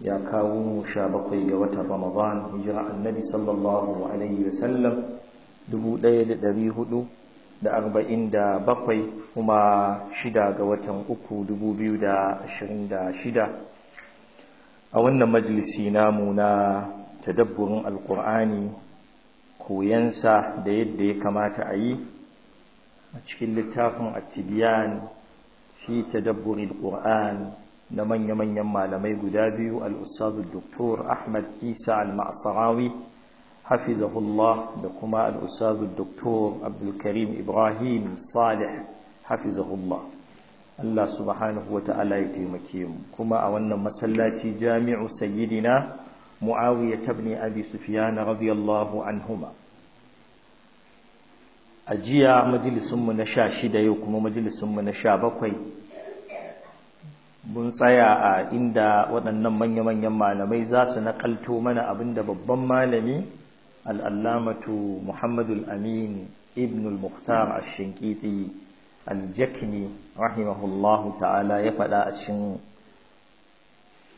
ya kawo mu sha bakwai ga wata ramadan hijira annabi sallallahu alaihi wasallam 1447 kuma shida ga watan uku 2026 a wannan majalisi namu na tadabburin alkur'ani koyansa da yadda ya kamata a yi a cikin littafin attibiyan fi tadabburin alkur'ani na manya-manyan malamai guda biyu al'ustadu doktor ahmad isa al-ma'asarawi hafizahullah da kuma al'ustadu doktor abdulkarim ibrahim salih hafizahullah Allah subhanahu wa ta'ala ya taimake mu kuma a wannan masallaci jami'u sayidina muawiya ibn abi sufiyana radiyallahu anhuma a jiya mu na sha shida yau kuma majalisun mu na bakwai. mun tsaya a inda waɗannan manya-manyan malamai za su nakalto mana abinda babban malami al'allamatu muhammadul amin ibn al-mukhtar al-shinkiti al rahimahullahu ta'ala ya faɗa a cikin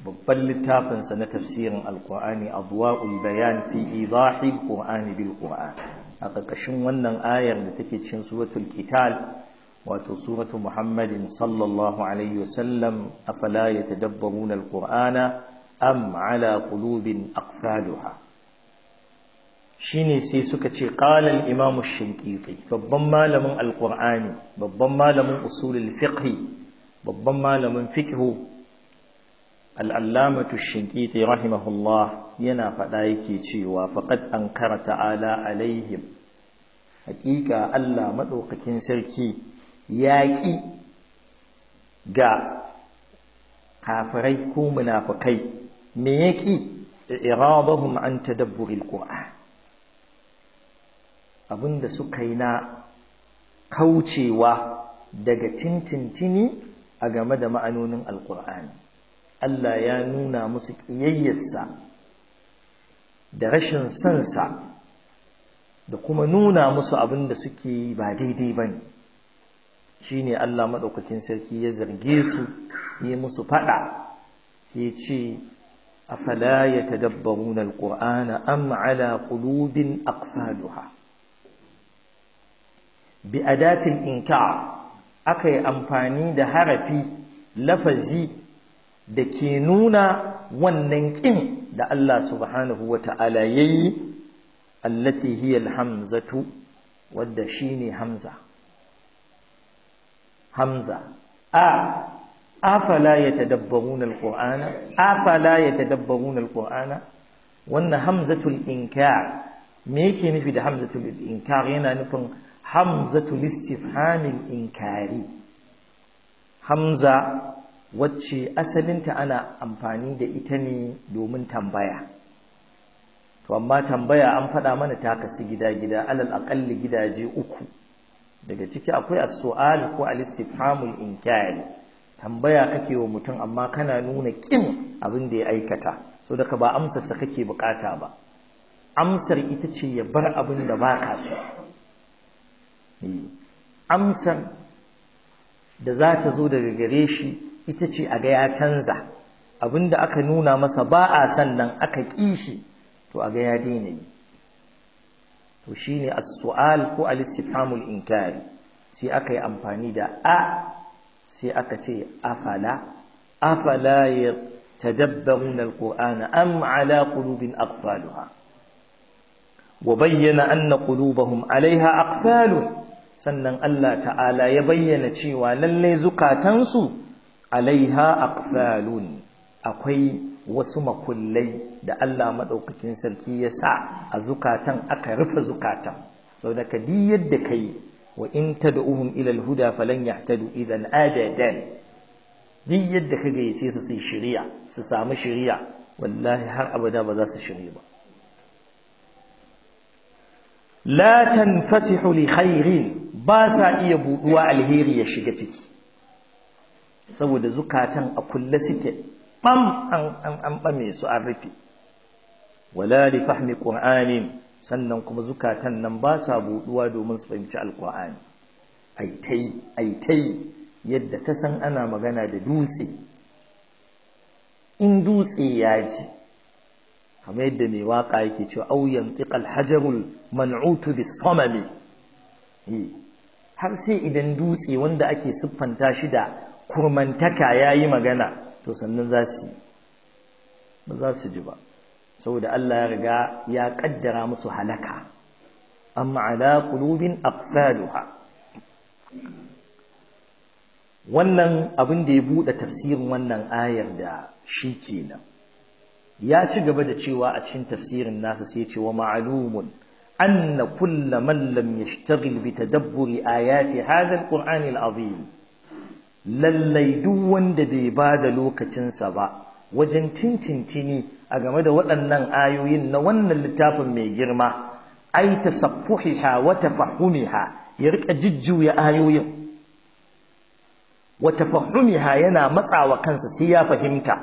babban littafinsa na tafsirin Al-ƙur'ani, alkur'ani adwa'ul bayan fi izahi qur'ani bil qur'an a ƙarƙashin wannan ayar da take cikin suratul kital wato suratu muhammadin sallallahu alaihi wasallam ta yatadabbaruna alqur'ana am ala qulubin aqfaluha shine sai suka ce ƙalar al-imam ash babban malamin alqur'ani babban malamin usulul fiqh babban malamin fiqh al alamatu ash rahimahullah yana faɗa yake cewa faqad ankara ta'ala alaihim Haƙiƙa Allah madaukakin sarki yaƙi ga kafirai ko munafukai me yaƙi iradahum an tadabburil qur'an abinda suka yi na kaucewa daga tintintini a game da ma'anonin alqur'ani Allah ya nuna musu ƙiyayyarsa da rashin sansa da kuma nuna musu abin suke ba daidai bane shine Allah madaukakin sarki ya zarge su yi musu fada sai ce afala yatadabbaruna alqur'ana am ala qulubin aqfaluha bi adatil inkar akai amfani da harafi lafazi da ke nuna wannan kin da Allah subhanahu wata'ala yayi allati hiya alhamzatu wadda shine hamza hamza a afala ya yatadabbaruna alqur'ana afala ya yatadabbaruna alqur'ana wannan hamzatul inkar me yake nufi da hamzatul inkar yana nufin hamzatul istifhamil inkari hamza wacce asalinta ana amfani da ita ne domin tambaya to amma tambaya an faɗa mana ta kasu gida-gida alal aƙalli gidaje uku daga ciki akwai as-su'al ko al-istifhamul inkari tambaya kake wa mutum amma kana nuna kin abin da ya aikata so daga ba amsar sa kake bukata ba amsar ita ce ya bar abin da baka so eh, amsar da za ta zo daga gare shi ita ce a ga ya canza abin da aka nuna masa ba a sannan aka kishi to a ga ya daina yi to shine as-su'al ko al-istifhamul inkari sai aka yi amfani da a sai aka ce afala afala yatadabbaruna al-qur'ana am ala qulubin aqfaluha wa bayyana anna qulubahum alaiha aqfalun sannan Allah ta'ala ya bayyana cewa lalle zukatansu alaiha aqfalun akwai wasu makullai da Allah maɗaukakin sarki ya sa a zukatan aka rufe zukatan sau da ka ka yi wa in ta da'uhum ilal huda falan ya ta idan abadan diyar da ka gayyace su sai shirya su samu shirya wallahi har abada ba za su shirya ba la tanfatihu li khairin ba sa iya buɗuwa alheri ya shiga ciki saboda zukatan a kulle suke bam an mai su an rufe wala li fahmi qur'anin sannan kuma zukatan nan ba sa buɗuwa domin su fahimci alqur'ani aitai aitai yadda ta san ana magana da dutse in dutse ya ji kamar yadda mai waka yake cewa auyen yantiqal hajarul man'utu bis samami eh, har sai idan dutse wanda ake siffanta shi da kurmantaka yayi magana to sannan za su ba za su ji ba saboda Allah ya riga ya kaddara musu halaka amma ala qulubin aqsaluha wannan abin da ya bude tafsirin wannan ayar da shi na, ya ci gaba da cewa a cikin tafsirin nasa sai ya ce wa ma'lumun anna kullu man lam yashtagil bi tadabburi ayati hadha al alazim lallai duk wanda bai ba da lokacinsa ba wajen tintintini a game da waɗannan ayoyin na wannan littafin mai girma ai wata wata tafahumiha ya rika jujjuya ayoyin Wata tafahumiha yana matsawa kansa sai ya fahimta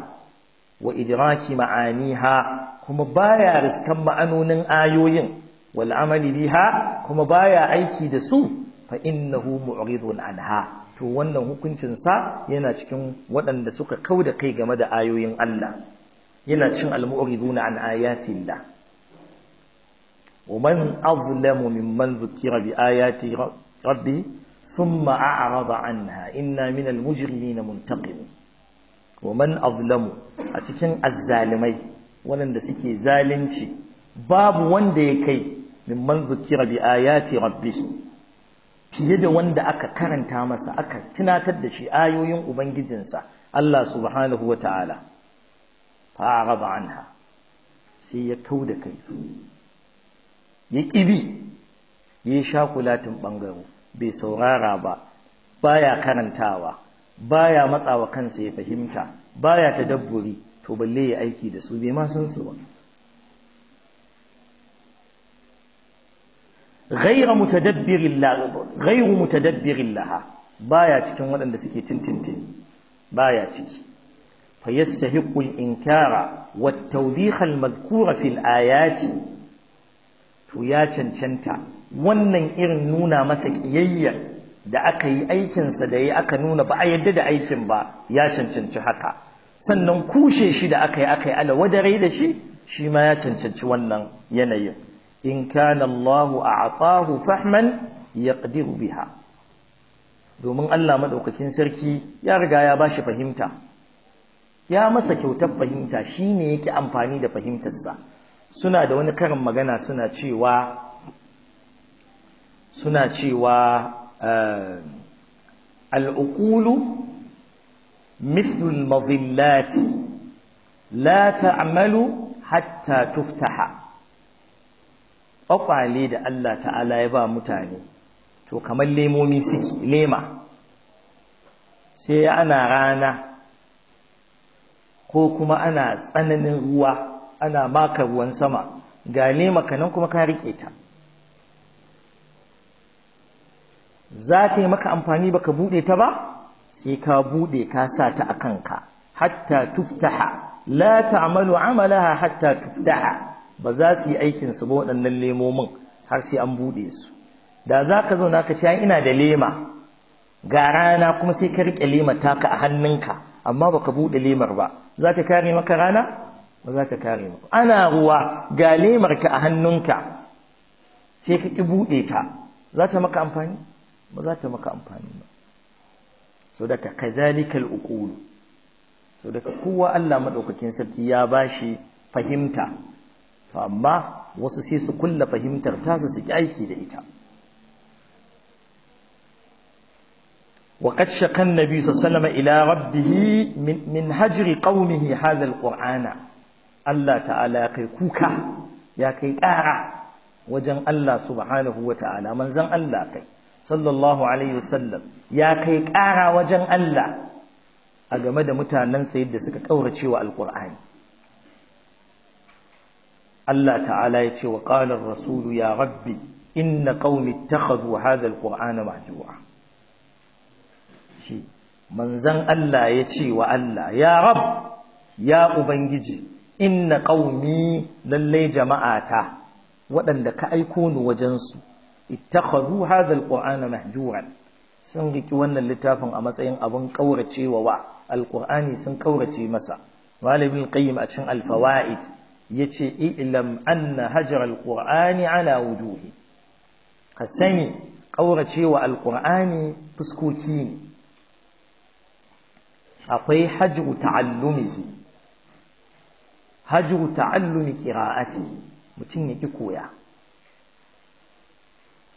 wa idraki ma'aniha kuma baya riskan ma'anonin ayoyin wal amali biha kuma baya aiki da su fa innahu mu'ridun anha to wannan hukuncin sa yana cikin waɗanda suka kauda kai game da ayoyin Allah yana cin al-mu'riduna an ayatillah wa man azlamu mimman zukira bi ayati rabbi thumma a'rada anha inna minal mujrimina muntaqim wa man azlamu a cikin azzalimai waɗanda suke zalunci babu wanda ya kai mimman zukira bi ayati rabbi fiye da wanda aka karanta masa aka tunatar da shi ayoyin ubangijinsa Allah subhanahu wa ta'ala fa'araba anha sai ya kau da kai ya ƙibi ya sha kulatin ɓangaro bai saurara ba baya karantawa baya matsawa kansa ya fahimta baya dabburi, to balle ya aiki da su bai ma san su ba غير متدبر الله غير متدبر لها بايا cikin waɗanda suke tintintin baya ciki فيستحق الإنكار والتوبيخ المذكور في ayaci, to ya cancanta wannan irin nuna masa kiyayya da aka yi aikinsa da ya aka nuna ba a yadda da aikin ba ya cancanci haka sannan kushe shi da aka yi aka yi ala da shi shi ma ya cancanci wannan yanayin in kana Allahu a'tahu fahman yaqdiru biha domin Allah madaukakin sarki ya riga ya bashi fahimta ya masa kyautar fahimta shine yake amfani da fahimtarsa suna da wani karin magana suna cewa suna cewa al'uqulu مثل la la ta'malu hatta tuftaha ƙwaƙwale da Allah ta'ala ya ba mutane to kamar lemomi suke lema sai ana rana ko kuma ana tsananin ruwa ana maka ruwan sama ga lema kanan kuma ka rike ta za ta yi maka amfani baka buɗe ta ba sai ka buɗe ka sa ta a kanka hatta tuftaha la amalu amalaha hatta tuftaha ba za su yi aikin su ba waɗannan lemomin har sai an buɗe su da za ka zauna ka ce ina da lema ga rana kuma sai ka riƙe lema taka a hannunka amma ba ka buɗe lemar ba za ta kare maka rana ba za ta kare maka ana ruwa ga lemar ka a hannunka sai ka ki buɗe ta za ta maka amfani ba za ta maka amfani ba so daga kazalikal uqulu so daga kowa Allah madaukakin sarki ya bashi fahimta to amma wasu sai su kulla fahimtar ta su ki aiki da ita waqad shaqqa nabi sallallahu alaihi wasallam ila rabbihi min hajri qaumihi hadha al-qur'ana Allah ta'ala ya kai kuka ya kai ƙara wajen Allah subhanahu ta'ala. manzon Allah kai sallallahu alaihi sallam ya kai ƙara wajen Allah a game da mutanansa yadda suka kaurace wa al Allah ta'ala ya ce wa ƙalar rasulu ya rabbi inna qaumi ittakhadhu hadha alqur'ana mahjura shi manzon Allah ya ce wa Allah ya rab ya ubangiji inna qaumi lallai jama'ata waɗanda ka aiko ni wajen su ittakhadhu hadha alqur'ana mahjuran sun riki wannan littafin a matsayin abin kauracewa wa alqur'ani sun kaurace masa malamin qayyim a cikin alfawaid yace ilam anna hajar alqur'ani ala wujuhi ka sani kauracewa alqur'ani fuskoki ne akwai hajru ta'allumihi hajru ta'allumi qira'atihi mutum ya ki koya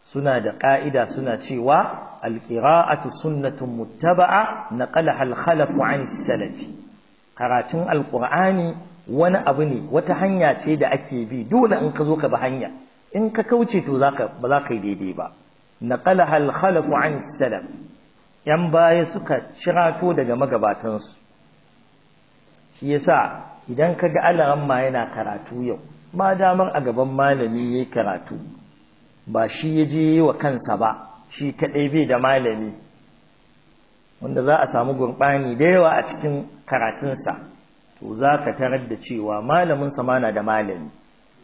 suna da ƙa'ida suna cewa alƙira'atu sunnatun muttaba'a na ƙalahal khalafu an salafi karatun alƙur'ani wani abu ne wata hanya ce da ake bi dole in ka zo ka bi hanya in ka kauce to zaka ba za ka yi daidai ba naqalaha hal khalaf an salam yan baya suka shirato daga magabatansu shi yasa idan ka ga alaran ma yana karatu yau ma damar a gaban malami yayi karatu ba shi ya je wa kansa ba shi kadai bai da malami wanda za a samu gurɓani da yawa a cikin karatunsa to za ka tarar da cewa malamin sa mana da malami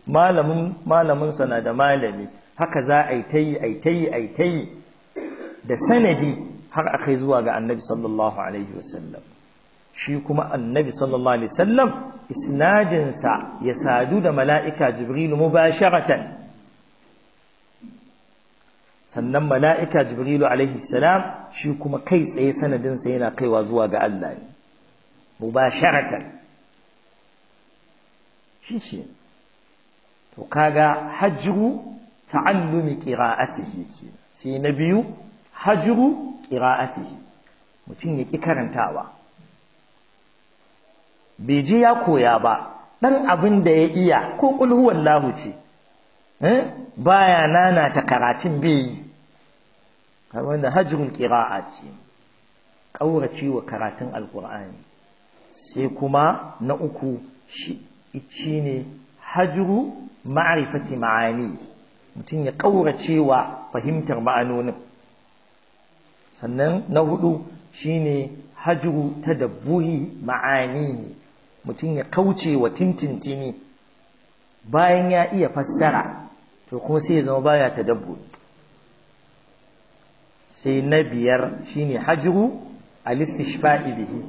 malamin malamin sa na da malami haka za a yi ta yi a yi ta yi a yi ta yi da sanadi har a kai zuwa ga annabi sallallahu alaihi wasallam shi kuma annabi sallallahu alaihi wasallam isnadinsa ya sadu da mala'ika jibrilu mubasharatan sannan mala'ika jibrilu alaihi salam shi kuma kai tsaye sanadinsa yana kaiwa zuwa ga Allah ne mubasharatan shi ce to kaga hajru ta'allumi qira'atihi ce sai na biyu hajru qira'atihi mutum ya ki karantawa bai je ya koya ba dan abin da ya iya ko kul huwallahu ce eh, baya nana ta karatun bai yi wannan hajrun qira'ati ce kaurace wa karatun alqur'ani sai kuma na uku shi ne hajru ma'arifati ma'ani mutum ya ƙaura wa fahimtar ma'anonin sannan na hudu shi shine hajru tadabburi ma'ani mutum ya kauce wa tintintini bayan ya iya fassara to kuma sai ya zama baya ta dabbu sai na biyar shi shine hajru al-istishfa'i ibihi.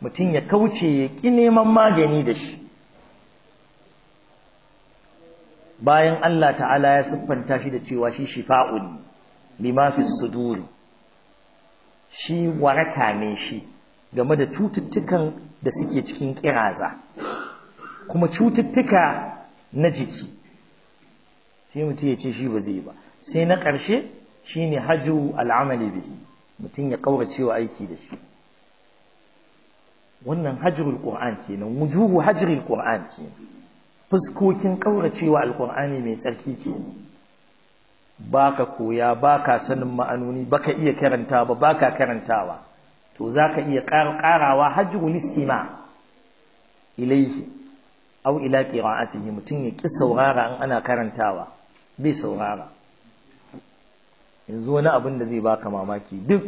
mutum ya kauce ya ƙi neman magani da shi bayan Allah ta'ala ya siffanta shi da cewa shi shifa'un lima fi sudur shi waraka ne shi game da cututtukan da suke cikin kiraza kuma cututtuka na jiki sai mutum ya ce shi ba zai ba sai na ƙarshe shine hajji al'amali bihi mutum ya wa aiki da shi wannan hajrul ke kenan wujuhu hajrul qur'an kenan fuskokin ƙauracewa alƙur'ani mai tsarki ke ba ka koya ba ka sanin ma'anoni ba ka iya karanta ba ba ka karantawa to za ka iya ƙarawa hajji sima? ilaihi au ila ƙira'atihi mutum ya ƙi saurara in ana karantawa bai saurara yanzu wani abin da zai baka mamaki duk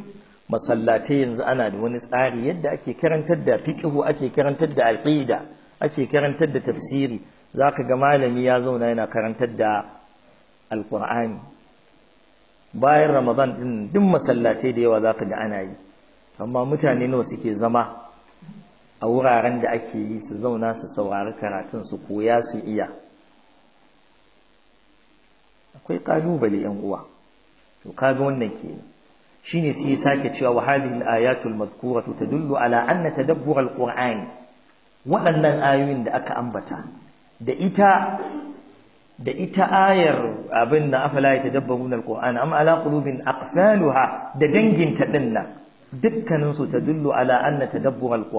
masallatai yanzu ana da wani tsari yadda ake karantar da fiƙihu ake karantar da alƙida ake karantar da tafsiri za ka ga malami ya zauna yana karantar da alƙur'ani bayan ramadan ɗin duk masallatai da yawa za ka ga ana yi amma mutane nawa suke zama a wuraren da ake yi su zauna su saurari karatun su koya su iya akwai ƙalubale yan uwa to ga wannan kenan shine sai ya sake cewa wa hadhihi al-ayatul madhkuratu tadullu ala anna tadabbur al-qur'ani waɗannan ayoyin da aka ambata da ita da ita ayar abin na afala ya tadabbaruna alqur'ana am ala qulubin da danginta ɗinna, nan ta su tadullu ala anna tadabbur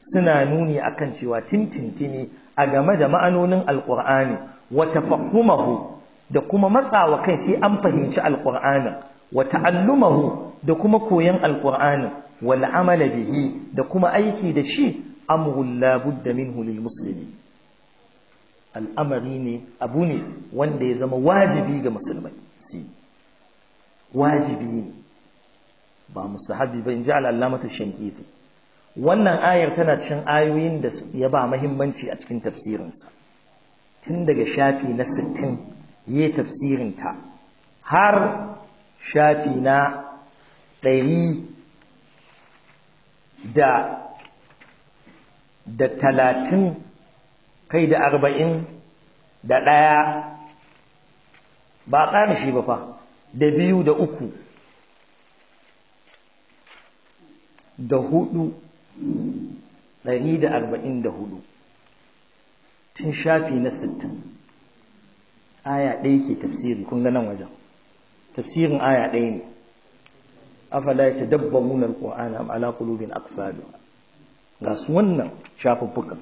suna nuni a kan cewa tintintini a game da ma'anonin alqur'ani wa tafahhumahu da kuma matsawa kai sai an fahimci alqur'anin wa ta'allumahu da kuma koyan alqur'anin wal'amala amala bihi da kuma aiki da shi amrul la budda min lil musulmi. al'amari ne abu ne wanda ya zama wajibi ga musulmai si wajibi ne ba musahabi ba in ji al’alamata shankiti wannan ayar tana cin ayoyin da ya ba mahimmanci a cikin tafsirinsa tun daga shafi na sittin ya tafsirinta har shafi na ɗari da talatin kai da arba'in da ɗaya ba a shi ba fa da biyu da uku da hudu ɗari da arba'in da hudu tun shafi na sittin aya ɗaya ke tafsiri kun ganin nan wajen tafsirin aya ɗaya ne afala ta tadabbaruna alqur'ana am ala aksadu. ga su wannan shafuffukan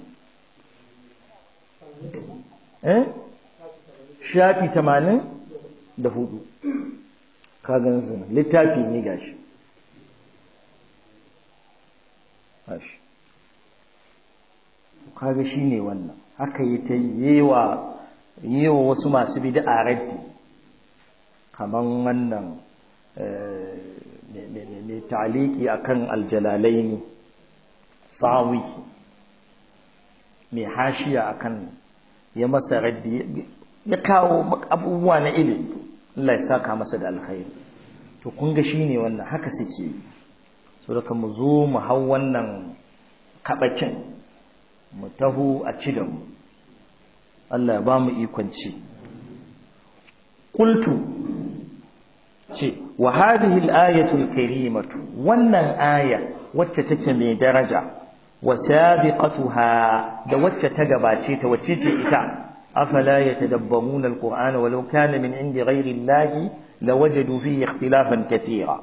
Eh? shafi tamanin da hudu kagan zina littafi ne gashi gashi kaga shi ne wannan haka yi ta yi wa wasu masu bida eh, a raddi kamar wannan mai a akan aljalalai ne sawi mai hashiya akan ya masa raddi ya kawo abubuwa na ilimi Allah ya saka masa da alkhairi to kun ga shine wannan haka suke so da mu zo mu hau wannan kabakin mu taho a ci da mu Allah ya ba mu ikon ci qultu ce wa hadhihi al-ayatu al-karimatu wannan aya wacce take mai daraja wa sabiqatuha da wacce ta gabace ta wacce ce ita afala yatadabbaruna alqur'ana walau kana min indi ghairi llahi lawajadu fihi ikhtilafan kathira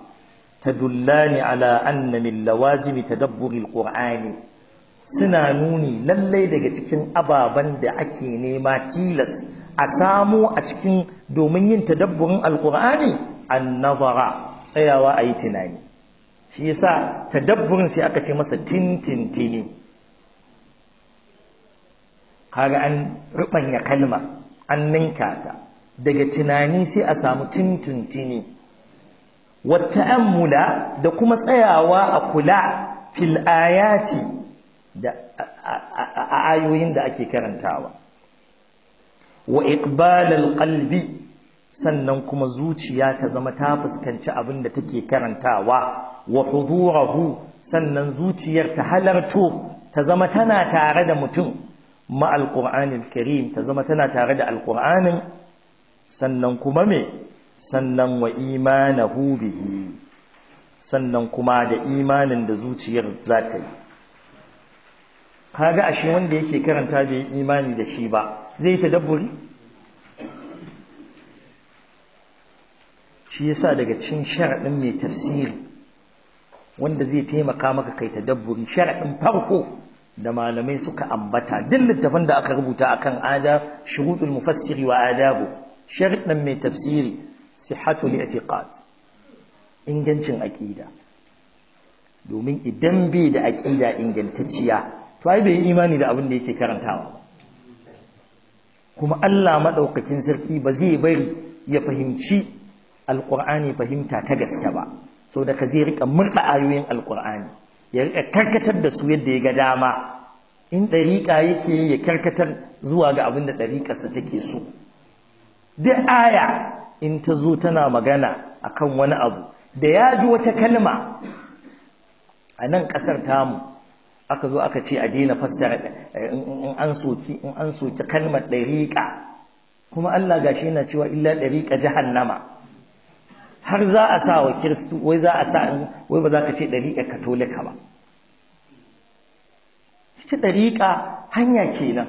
tadullani ala anna min lawazimi tadabburi ƙurani suna nuni lallai daga cikin ababen da ake nema tilas a samo a cikin domin yin tadabburin alqur'ani an nazara tsayawa ayi tunani shi yasa tadabburin sai aka ce masa tintintini kaga an rubanya kalma an ninka ta daga tunani sai a samu tintintini wata'ammula da kuma tsayawa a kula fil ayati da ayoyin da ake karantawa wa iqbalal qalbi sannan kuma zuciya ta zama ta fuskanci abin da take karantawa wa hudurahu sannan zuciyar ta halarto ta zama tana tare da mutum ma alqur'anil karim ta zama tana tare da alqur'anin sannan kuma me sannan wa imanahu bihi sannan kuma da imanin da zuciyar za ta yi kaga ashe wanda yake karanta bai imani da shi ba zai ta dabburi shi yasa daga cikin sharaɗin mai tafsiri wanda zai taimaka maka kai dabburi, sharaɗin farko da malamai suka ambata duk littafin da aka rubuta akan ada shurutul mufassiri wa adabu sharaɗin mai tafsiri sihhatul i'tiqad ingancin aqida domin idan bai da aqida ingantacciya to ai bai imani da abin da yake karantawa kuma Allah madaukakin sarki ba zai bari ya fahimci alƙur'ani fahimta ta gaske ba so da ka zai rika murɗa ayoyin alƙur'ani ya rika karkatar da su yadda ya ga dama in ɗariƙa yake ya karkatar zuwa ga abin da ɗariƙarsa take so duk aya in ta zo tana magana akan wani abu da ya ji wata kalma a nan ƙasar tamu aka zo aka ce a daina fassara in an soki kalmar ɗariƙa kuma Allah gashi yana cewa illa ɗariƙa jahannama har za a sa wa kiristu wai za a sa wai ba za ka ce ɗariƙa katolika ba ita ɗariƙa hanya kenan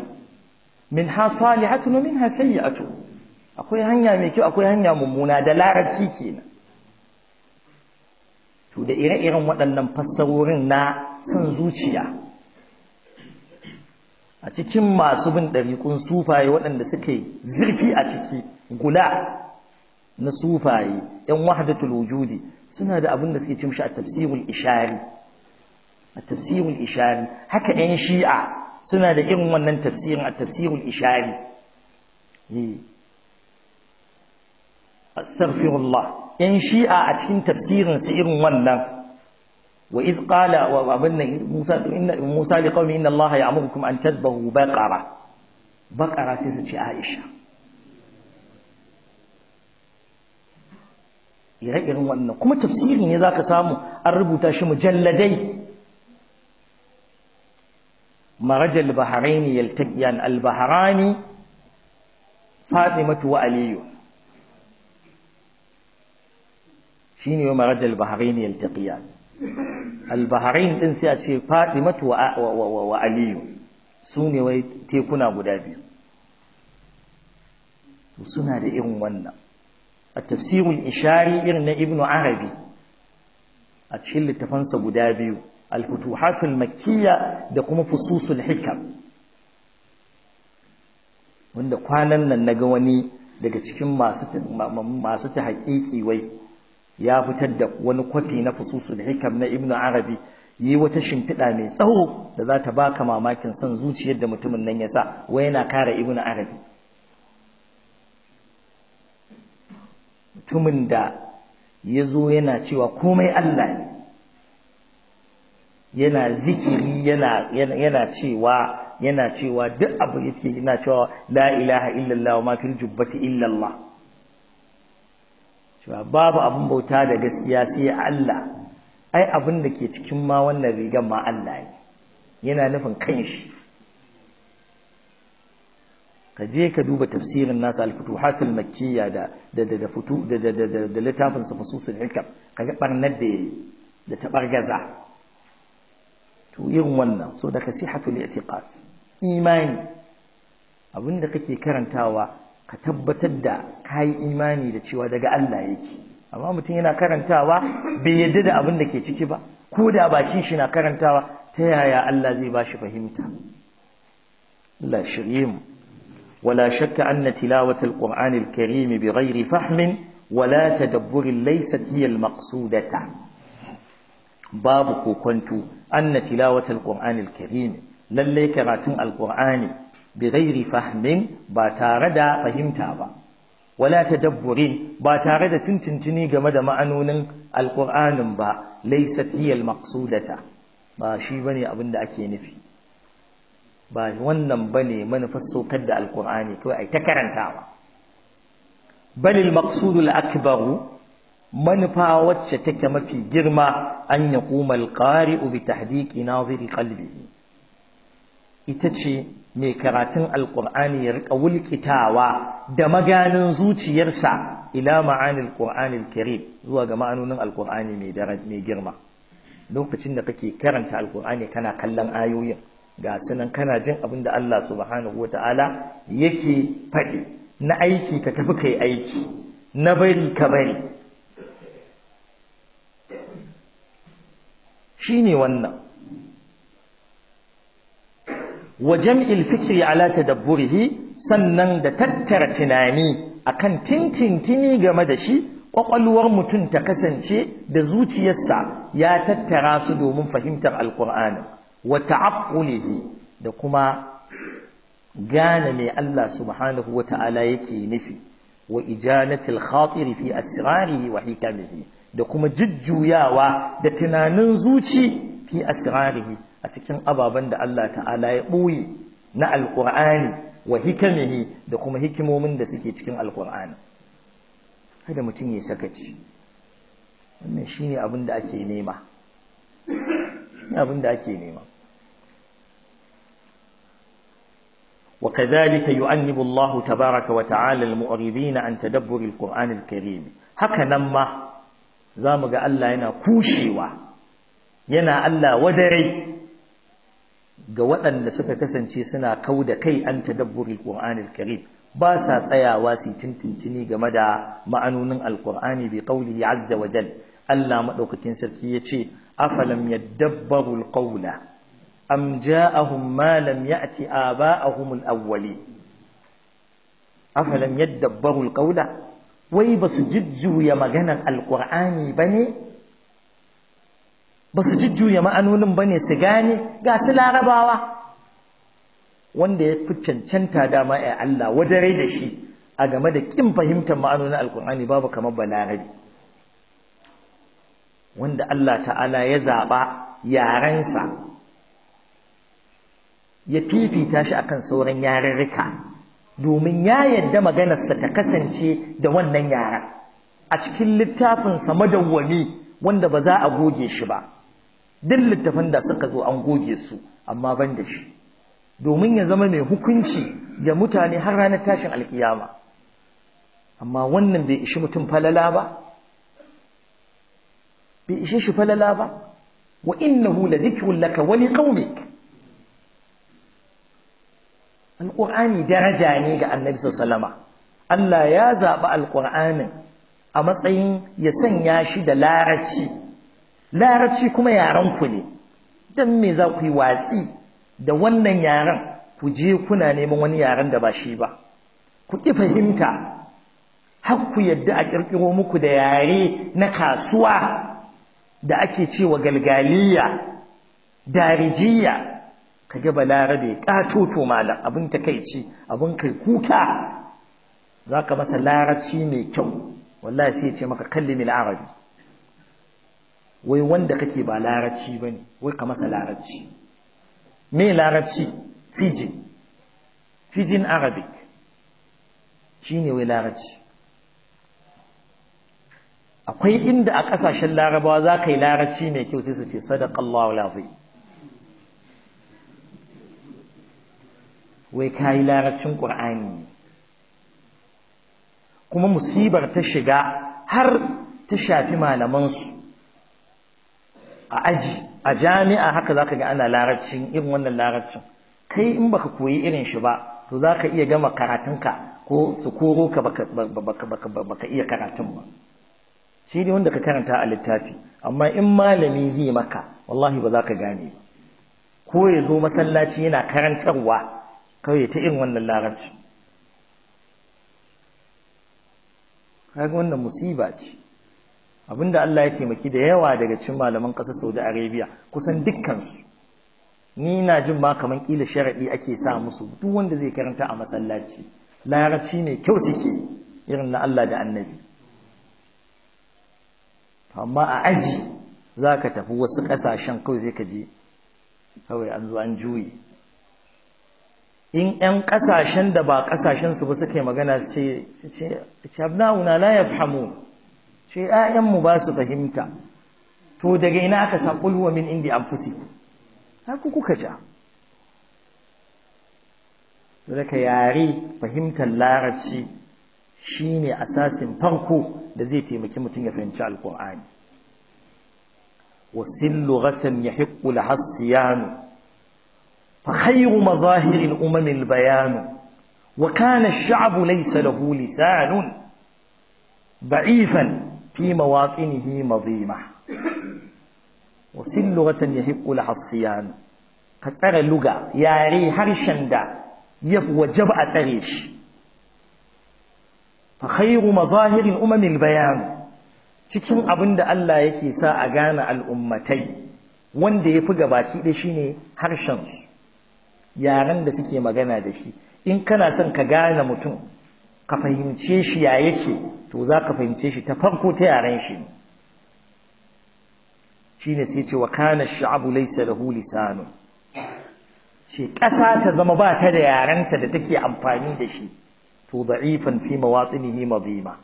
min ha salihatu wa min ha sayyi'atu akwai hanya mai kyau akwai hanya mummuna da larabci kenan to da ire-iren waɗannan fassarorin na son zuciya a cikin masu bin ɗariƙun sufaye waɗanda suka yi zurfi a ciki gula na sufaye yan wahdatul wujudi suna da abin da suke cin shi a tafsirul ishari a tafsirul ishari haka yan shi'a suna da irin wannan tafsirin a tafsirul ishari eh. astaghfirullah yan shi'a a cikin tafsirin su irin wannan wa iz qala wa abinna musa inna musa liqawmi inna allaha ya'murukum an tadhbahu baqara baqara sai su ci aisha ire-iren wannan kuma tafsiri ne za ka samu an rubuta shi mujalladai marajal baharaini yaltaqiyan al-baharani fatimatu wa aliyu shine marajal baharaini yaltaqiyan al-baharain din sai a ce fatimatu wa aliyu su ne wai tekuna guda biyu suna da irin wannan a tafsirun ishari irin na ibnu arabi a cikin littafansa guda biyu al-futuhatul makkiya da kuma fususul hikam wanda kwanan nan na ga wani daga cikin masu ta haƙiƙi wai ya fitar da wani kwafi na fususul hikam na ibnu arabi yi wata shimfiɗa mai tsawo da za ta baka mamakin son zuciyar da mutumin nan ya sa wai yana kare ibnu arabi mutumin da ya zo yana cewa komai Allah ne yana zikiri yana cewa yana cewa duk abu yake yana cewa la ilaha illallah ma fil jubbati illallah cewa babu abin bauta da gaskiya sai Allah ai abin da ke cikin ma wannan rigan ma Allah ne yana nufin kanshi ka je ka duba tafsirin nasa al-futuhatul makkiyya da da da futu da da da da littafin hikam kaga barnar da da ta bargaza to irin wannan so da ka i'tiqad imani abinda kake karantawa ka tabbatar da kai imani da cewa daga Allah yake amma mutum yana karantawa bai yadda da abin da ke ciki ba ko da bakin shi na karantawa ta yaya Allah zai ba shi fahimta Allah shirye mu ولا شك أن تلاوة القرآن الكريم بغير فهم ولا تدبر ليست هي المقصودة باب كنت أن تلاوة القرآن الكريم للي كراتن القرآن بغير فهم باتارد فهمتابا ولا تدبر باتارد تنتنتني جمد معنون القرآن با ليست هي المقصودة ما شيبني أبن أكي نفي ba wannan bane manufar saukar da alkur'ani kawai yi ta karantawa balil maksudul akbaru manufa wacce take mafi girma an ya kuma alƙari'u bi na naziri ƙalbi. ita ce mai karatun alƙur'ani ya riƙa wulkitawa da maganin zuciyarsa ila ma'anin alƙur'anin karim zuwa ga ma'anonin alƙur'ani mai girma lokacin da kake karanta alƙur'ani kana kallon ayoyin ga sunan kana jin abin da Allah subhanahu Ta'ala yake faɗi na aiki ka tafi kai aiki na bari ka bari shine wannan wa jam'il fikri ala tadabburihi sannan da tattara tunani akan tintintini game da shi kwakwalwar mutum ta kasance da zuciyarsa ya tattara su domin fahimtar alkur'anin wa ta'aqqulihi da kuma gane mai Allah subhanahu wa ta'ala yake nufi wa ijanatil khatiri fi asrarihi wa hikamihi da kuma jujjuyawa da tunanin zuci fi asrarihi a cikin ababen da Allah ta'ala ya ɓoye na alƙur'ani wa hikamihi da kuma hikimomin da suke cikin alƙur'ani kada mutum ya sakaci wannan shine abin da ake nema abin da ake nema وكذلك يؤنب الله تبارك وتعالى المؤرضين عن تدبر القرآن الكريم haka nan ma za mu ga Allah yana kushewa yana Allah wadarai ga waɗanda suka kasance suna kau da kai an tadabburi Qur'anil Karim ba sa tsayawa su tuntuntuni game da ma'anonin Alƙur'ani bi qawlihi azza wa jal Allah madaukakin sarki yace afalam yadabbaru alqawla am ja'ahum ma lam ya'ti aba'ahum al-awwali afalam yadabbaru al-qawla wai basu jujjuya maganar al-qur'ani bane basu jujjuya ma'anonin bane su gane ga su larabawa wanda ya fi cancanta dama ya Allah wadare da shi a game da kin fahimtar ma'anonin al-qur'ani babu kamar balarabi wanda Allah ta'ala ya zaɓa yarensa ya fifita shi akan sauran yarurruka domin ya yadda maganarsa ta kasance da wannan yaran a cikin littafinsa madawwami wanda ba za a goge shi ba duk littafin da suka zo an goge su amma ban da shi domin ya zama mai hukunci ga mutane har ranar tashin alkiyama amma wannan bai ishi mutum falala ba bai ishe shi falala ba wa innahu la dhikrun laka wa liqaumik alƙur'ani daraja ne ga annabi sallama Allah ya zaɓi alƙur'anin a matsayin ya sanya shi da larabci larabci kuma yaren ku ne don me za ku yi watsi da wannan yaren ku je kuna neman wani yaren da ba shi ba ku ƙi fahimta har ku yadda a ƙirƙiro muku da yare na kasuwa da ake cewa galgaliya darijiya ka ga balarabe katoto malam abin takeici abin kai kuka ka masa larabci mai kyau wallahi sai ya ce maka kallimil arabi wai wanda kake ba larabci ne, wai ka masa larabci me larabci fijin fijin arabic ne wai larabci akwai inda a ƙasashen larabawa za ka yi larabci mai kyau sai su ce sadaqallahu alazim wai ka yi laracin ƙur'ani ne? kuma musibar ta shiga har ta shafi malamansu a aji a jami'a haka za ka ga ana larabcin irin wannan laracin? kai in baka koyi irin shi ba to za ka iya gama karatunka ko su koro ka baka iya karatun ba shi ne wanda ka karanta a littafi amma in malami zai maka wallahi ba za ka gane ba ko ya zo masallaci yana karantarwa kawai ta irin wannan larabci kaga wannan musiba ce abinda Allah ya taimaki da yawa daga cikin malaman ƙasar Saudi Arabia kusan dukkansu ni na jin ma kaman kila sharadi ake sa musu duk wanda zai karanta a masallaci larabci mai kyau suke irin na Allah da Annabi amma a aji za ka tafi wasu ƙasashen kawai zai ka je kawai an zo an juyi. in 'yan ƙasashen da ba su ba suka yi magana ce shabna'una la ya fahimu ce 'ya'yanmu ba su fahimta to daga ina aka sa min indi an fusi haku kuka ja daga yare fahimtar larabci shine asasin farko da zai taimaki mutum ya fahimci wasu lura can ya hiƙula hassiyanu فخير مظاهر الأمم البيان وكان الشعب ليس له لسان ضعيفا في مواطنه مظيمة وسن لغة يحق لها الصيان كتر اللغة يا ريح دا يبوى جبأ تريش فخير مظاهر الأمم البيان cikin abin da Allah yake sa a gane al'ummatai wanda ya fi gabaki da yaren da suke magana da shi in kana son ka gane mutum ka fahimce shi ya yake to za ka fahimce shi ta farko ta yaren shi ne shi ne sai ce wa kana sha'abu laisa lahu lisanu ce ƙasa ta zama ba ta da yarenta da take amfani da shi to da'ifan fi mawatinihi madima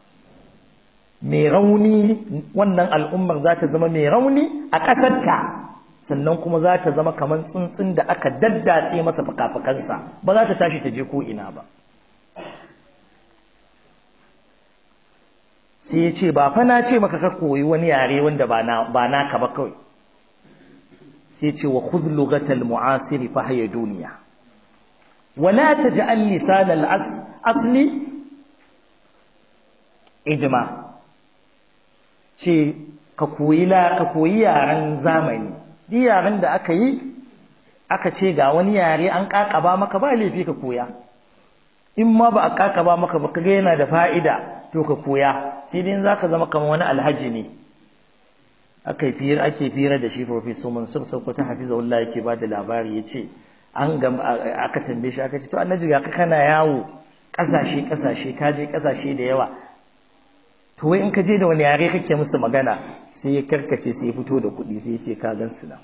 mai rauni wannan al'ummar za ta zama mai rauni a ƙasarta sannan kuma za ta zama kamar tsuntsun da aka daddatse masa fakafakansa ba za ta tashi ta je koina ina ba sai ya ce ba fa na ce maka ka koyi wani yare wanda ba naka ba kawai sai ce wa khudh mu'asiri fa haya duniya ta ji an al asli idma ce ka koyi yaren zamani duk yaren da aka yi aka ce ga wani yare an ƙaƙaba maka ba laifi ka koya in ma ba a ƙaƙaba maka ba kaga yana da fa'ida to ka koya sai dai za ka zama kamar wani alhaji ne aka fira ake fira da shi professor Mansur hafiza hafizahullah yake ba da labari yace an ga aka tambaye shi aka ce to annaji ga ka kana yawo kasashe kasashe ka je kasashe da yawa to in ka je da wani yare kake musu magana sai ya karkace sai ya fito da kuɗi sai ya ce ka gan su nan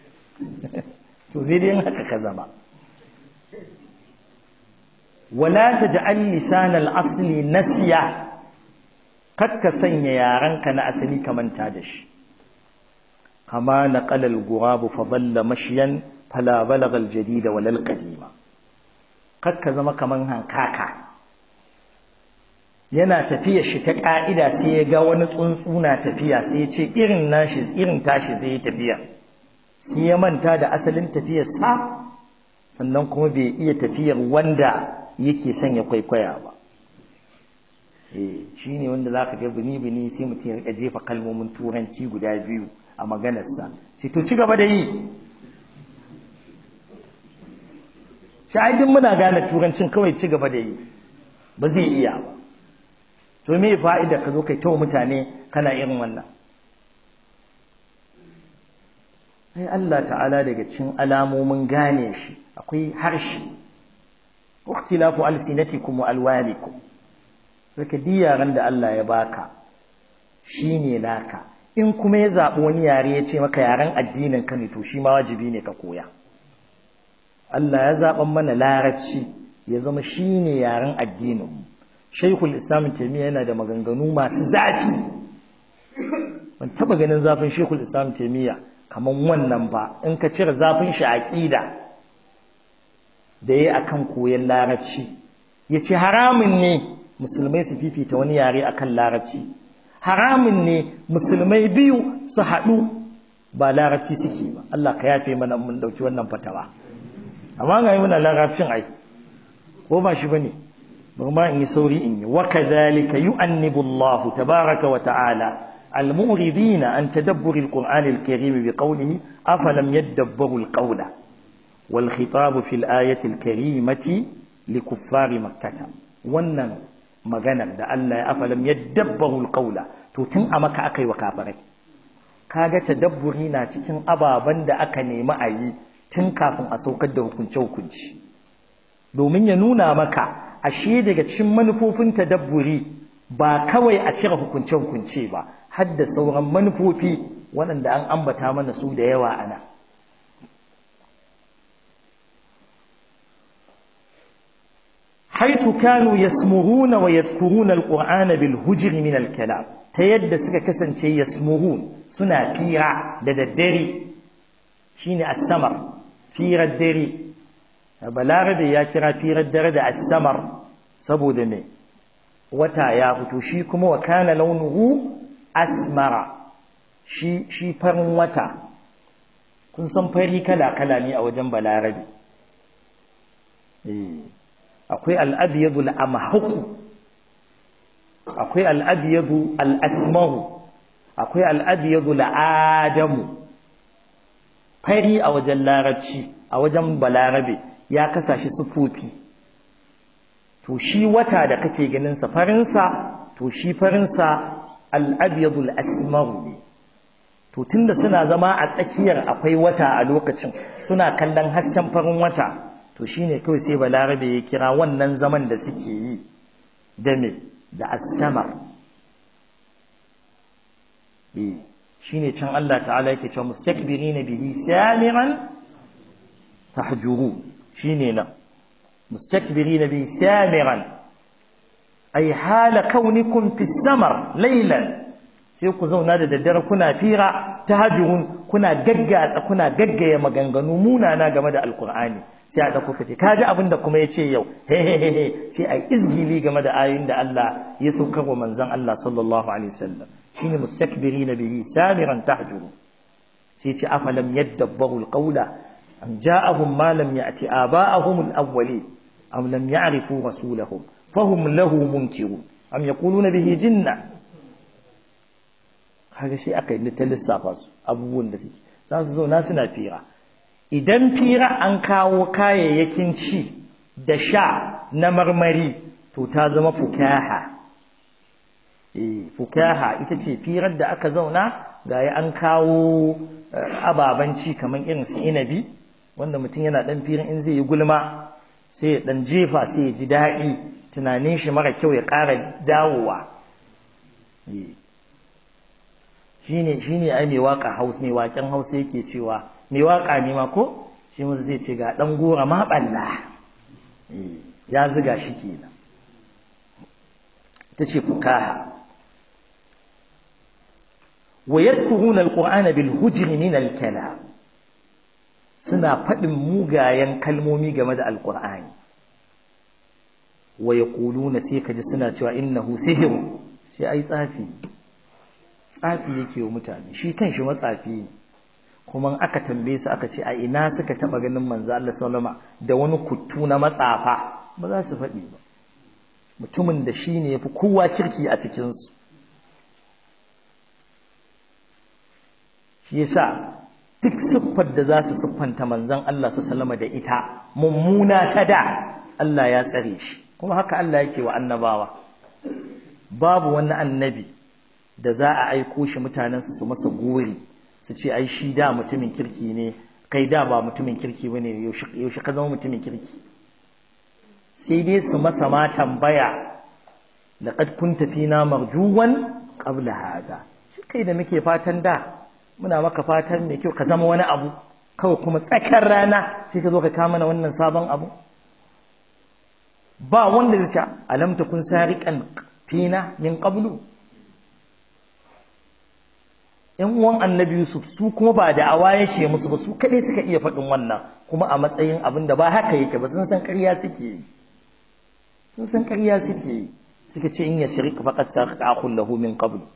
to sai dai haka ka zama wala taj'al lisan al-asli nasiya kakka sanya yaranka na asali ka manta da shi kama na al-ghurab fa dhalla mashyan fala balagha al-jadid wala al-qadima kakka zama kaman hankaka yana tafiya shi ta ƙa'ida sai ya ga wani tsuntsu na tafiya sai ya ce irin nashi irin tashi zai yi tafiya sai ya manta da asalin tafiyar sa sannan kuma bai iya tafiyar wanda yake son ya kwaikwaya ba eh ne wanda za ka ga bini bini sai mutum ya jefa kalmomin turanci guda biyu a maganarsa sai to ci gaba da yi shahidin muna gane turancin kawai ci gaba da yi ba zai iya ba to me fa'ida ka zo kai ta mutane kana irin wannan ai Allah ta'ala daga cikin alamomin gane shi akwai harshe ikhtilafu alsinatikum wa alwanikum saka yaran da Allah ya baka shine naka in kuma ya zabo wani yare ya ce maka yaren addinin ka ne to shi ma wajibi ne ka koya Allah ya zaban mana larabci ya zama shine yaren addinin mu shaikul islam taimiyya yana da maganganu masu zafi ban taba ganin zafin shaikul islam taimiyya kamar wannan ba in ka cire zafin shi aƙida da ya akan koyon larabci ya ce haramun ne musulmai su fifita wani yare akan larabci haramun ne musulmai biyu su haɗu ba larabci suke ba Allah ka yafe mana mun ɗauki wannan fatawa amma ga yi muna larabcin ai ko ba shi ba ne ma in yi sauri in yi waka zalika yi annibullahu tabaraka wa ta'ala al-muridi na an ta dabburi al-ƙun'ani al-karimi bi ƙaunihi a falam yadda babu ƙauna wal-hitabu fil ayatul karimati li kuffari wannan maganar da Allah ya afalam yadda babu ƙauna to tun a maka aka yi wa ka ga ta na cikin ababen da aka nema a yi tun kafin a saukar da hukunce-hukunci domin ya nuna maka ashe daga cikin manufofin tadabburi ba kawai a cire hukunce-hukunce ba hadda da sauran manufofi waɗanda an ambata mana su da yawa ana haitu kanu ya smuhun wa ya tukuhun al-ƙur'ana bil hujjiri min al ta yadda suka kasance ya suna fira da daddare shi ne samar firar dare balarabe ya kira firar dare da asamar saboda ne wata ya fito shi kuma wa kana launuhu asmara shi shi farin wata kun san fari kala kala ne a wajen balarabe eh, akwai al'abiyadu al'amahaku akwai al'abiyadu al'asmahu akwai al'abiyadu al'adamu fari a wajen larabci a wajen balarabe ya kasa shi sufufi to shi wata da kake ganin sa farinsa to shi farinsa al-abyadul asmaru ne to tun da suna zama a tsakiyar akwai wata a lokacin suna kallon hasken farin wata to shi ne kawai sai balarabe ya kira wannan zaman da suke yi da me da as eh, shi ne can Allah ta'ala yake cewa na bihi samiran Hajjuru. shine nan mustakbirina bi samiran ay hala kaunikum fi samar laylan sai ku zauna da daddare kuna fira ta hajjun kuna gaggatsa kuna gaggaya maganganu munana game da alkur'ani sai a ɗauko ka kaji abin da kuma ya ce yau hehehe sai a izgili game da ayoyin da Allah ya saukar wa manzon Allah sallallahu alaihi wasallam shine mustakbirina bihi samiran tahjuru sai ce afalam yadabbaru alqawla am ja'ahum ma lam ya'ti aba'ahum al-awwali am lam ya'rifu rasulahum fahum lahu munkirun am yaquluna bihi jinna Haka shi akai ne talissafas abubuwan da suke su zo na suna fira idan fira an kawo kayayyakin ci da sha na marmari to ta zama fukaha eh fukaha ita ce firar da aka zauna gaya an kawo ababan ci kaman irin su inabi wanda mutum yana ɗan firin in zai yi gulma sai ya ɗan jefa sai ya ji daɗi tunanin shi mara kyau ya ƙara dawowa eh. Shi ne ai mai waka hausa mai waken hausa yake cewa mai waka ne ma ko shi mu zai ce ga ɗan gora ma ɓalla. Eh, ya ziga shi ke nan. ta ce fukaha wa yadhkuruna alqur'ana bil hujri min al suna faɗin mugayen kalmomi game da alƙur'ani wa na sai ji suna cewa innahu sihr sai ai tsafi tsafi yake wa mutane shi kanshi matsafi ne kuma aka tambaye su aka ce a ina suka taɓa ganin manzo Allah sallama da wani kuttu na matsafa ba za su faɗi ba mutumin da shi ne ya fi kowa kirki a cikinsu. shi duk siffar da za su siffanta manzan Allah su salama da ita mummuna ta da Allah ya tsare shi kuma haka Allah yake wa annabawa babu wani annabi da za a aiko shi mutanensu su masa gori su ce ai shi da mutumin kirki ne kai da ba mutumin kirki ba ne yaushe ka zama mutumin kirki sai dai su masa ma tambaya kun tafi na marjuwan ƙabla haza, shi kai da muke fatan da muna maka fatan mai kyau ka zama wani abu kawai kuma tsakar rana sai ka zo ka kama na wannan sabon abu ba wanda ya ce alam takun sariqan fina min qablu ‘yan uwan annabi Yusuf su kuma ba da awa yake musu ba su kaɗai suka iya faɗin wannan kuma a matsayin abin da ba haka yake ba sun san ƙarya suke yi sun san ƙarya suke yi suka ce in ya shirik faqad sarqa akhu lahu min ƙablu.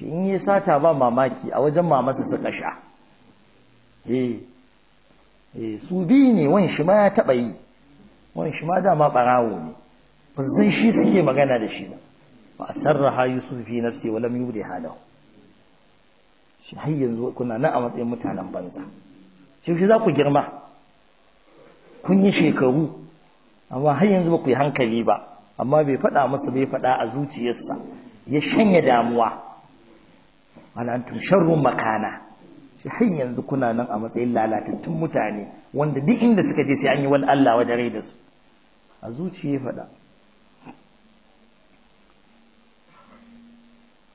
shi in yi sata ba mamaki a wajen mamasa suka sha eh, eh, su biyu ne wani shi ma ya taɓa yi wani shi ma dama ɓarawo ne ba zai shi suke magana da shi ba ba a sarraha yusuf fi nafsi wa lam yubdi halahu shi har yanzu kuna nan a matsayin mutanen banza shi shi za ku girma kun yi shekaru amma har yanzu ba ku yi hankali ba amma bai faɗa masa bai faɗa a zuciyarsa ya shanya damuwa ana antum sharrun makana shi har yanzu kuna nan a matsayin lalatattun mutane wanda duk inda suka je sai an yi wani Allah wa dare da su a zuciya faɗa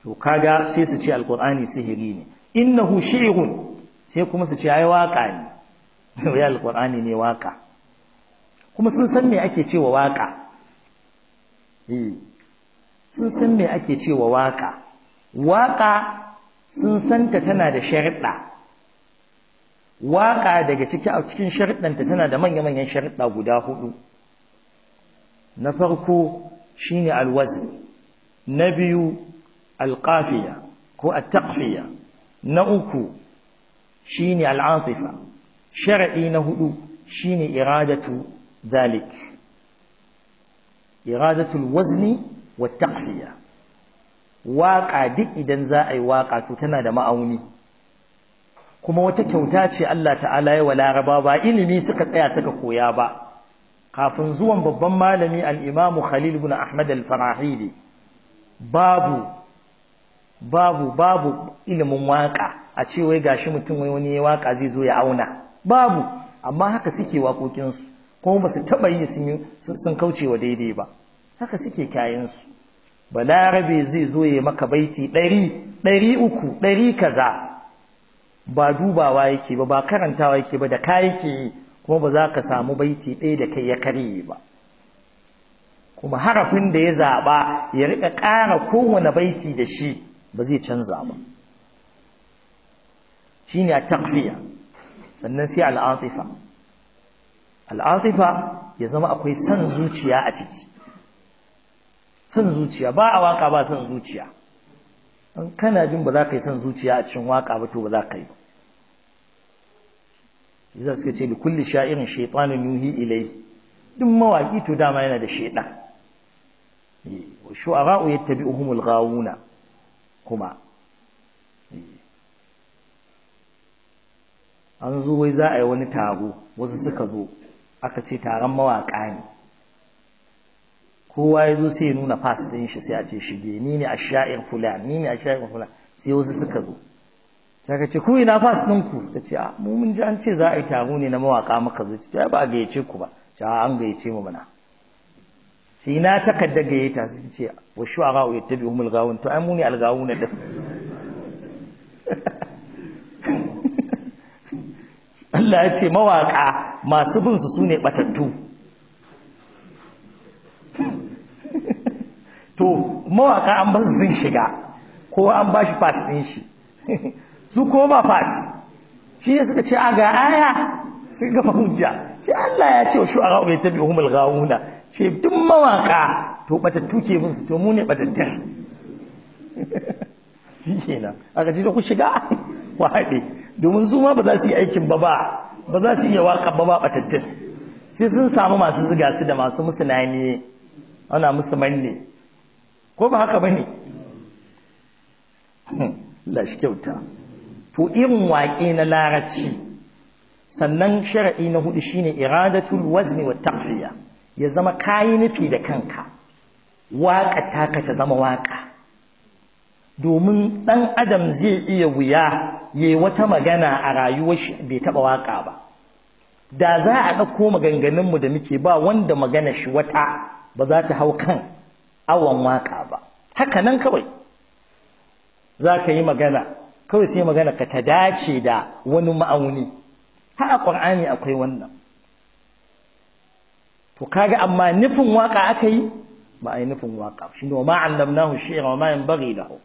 to kaga sai su ce alqur'ani sihiri ne innahu shi'run sai kuma su ce ai waka ne ya alqur'ani ne waka kuma sun san me ake cewa waka eh sun san me ake cewa waka waka sun santa tana da sharuɗa waƙa daga ciki a cikin sharuɗanta tana da manya-manyan sharuɗa guda hudu na farko shine alwazn na biyu alqafiya ko attaqfiya na uku shine al'atifa Sharaɗi na hudu shine iradatu zalik iradatu alwazn wattaqfiya waƙa duk idan za a yi waƙa to tana da ma'auni kuma wata kyauta ce Allah ta'ala ya wa laraba ba ilimi suka tsaya suka koya ba kafin zuwan babban malami al'imamu khalil ibn ahmad al farahili babu babu babu ilimin waƙa a ce wai gashi mutum wai wani waƙa zai zo ya auna babu amma haka suke waƙoƙinsu kuma ba su taɓa yi sun kauce wa daidai ba haka suke kayansu balarabe zai zo ya maka baiti ɗari ɗari uku ɗari kaza ba dubawa yake ba ba karantawa yake ba da ka yake yi kuma ba za ka samu baiti ɗaya da kai ya karye ba kuma harafin da ya zaɓa ya riƙa ƙara kowane baiti da shi ba zai canza ba shi ne a sannan sai al'atifa al'atifa ya zama akwai son zuciya a ciki son zuciya ba a waka ba son zuciya An kana jin ba za ka yi son zuciya a cikin waka ba to ba za ka yi yasa suka ce da kulli sha'irin shaytanun yuhi ilai duk mawaki to dama yana da shaytan wa eh, shu'ara'u yattabi'uhumul ghawuna kuma eh, an zo wai za a yi wani taro wasu suka zo aka ce taron mawaƙa ne kowa ya zo sai ya nuna fas ɗin shi sai a ce shige ni ne a sha'ir fula ni ne a sha'ir fula sai wasu suka zo Ta ka ce ku ina fas ɗin ku ka ce a mu mun ji an ce za a yi taro ne na mawaƙa maka zo ce ba a gayyace ku ba ce an gayyace mu mana sai na takarda gayyata sai ce wa shu'ara ya tabi humul gawun to ai mu ne na din Allah ya ce mawaƙa masu bin su sune batattu to mawaka an su sun shiga ko an bashi fas ɗin shi su ko ba fas shi ne suka ce a ga aya sun gaba hujja shi Allah ya ce wa ga ta tabi humul gawuna ce duk mawaka to batattu ke bin su to mu ne batattun shi ke aka a ga ku shiga ku haɗe domin su ma ba za su yi aikin ba ba ba za su iya waka ba ba batattun sai sun samu masu ziga su da masu musu nani ana musu manne ko ba haka bane ne? shi kyauta to irin waƙe na laraci, sannan shara'i na hudu shine iradatul wazni wa taqfiya ya zama kayi nufi da kanka waƙa taka ta zama waƙa domin ɗan adam zai iya wuya ya wata magana a rayuwar shi bai taɓa waƙa ba da za a ɗauko maganganunmu da muke ba wanda magana shi wata ba za ta hau kan awon waka ba haka nan kawai za ka yi magana kawai sai magana ka ta dace da wani ma'auni har a ƙwar'ani akwai wannan to kaga amma nufin waka aka yi ba a yi nufin waka shi ne wa wa ma yanbaghi lahu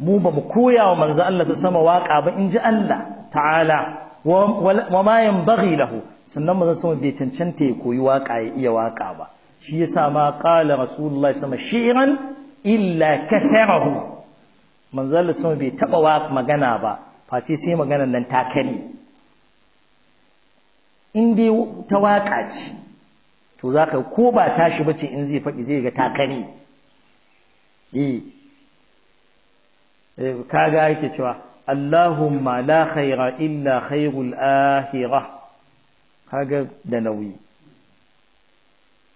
mu ba mu koya wa manzo Allah ta sama waka ba in ji Allah ta'ala wa bari yanbaghi lahu sannan manzo sama bai cancanta ya koyi waka ya iya waka ba shi yasa ma qala rasulullahi sama shi'ran illa kasarahu manzon sama bai taɓa wa magana ba face sai maganar nan ta kare in dai ta waka ce to zaka ko ba tashi bace in zai faɗi zai ga ta kare eh, eh kaga yake cewa Allahumma la khaira illa khairul akhirah kaga da nauyi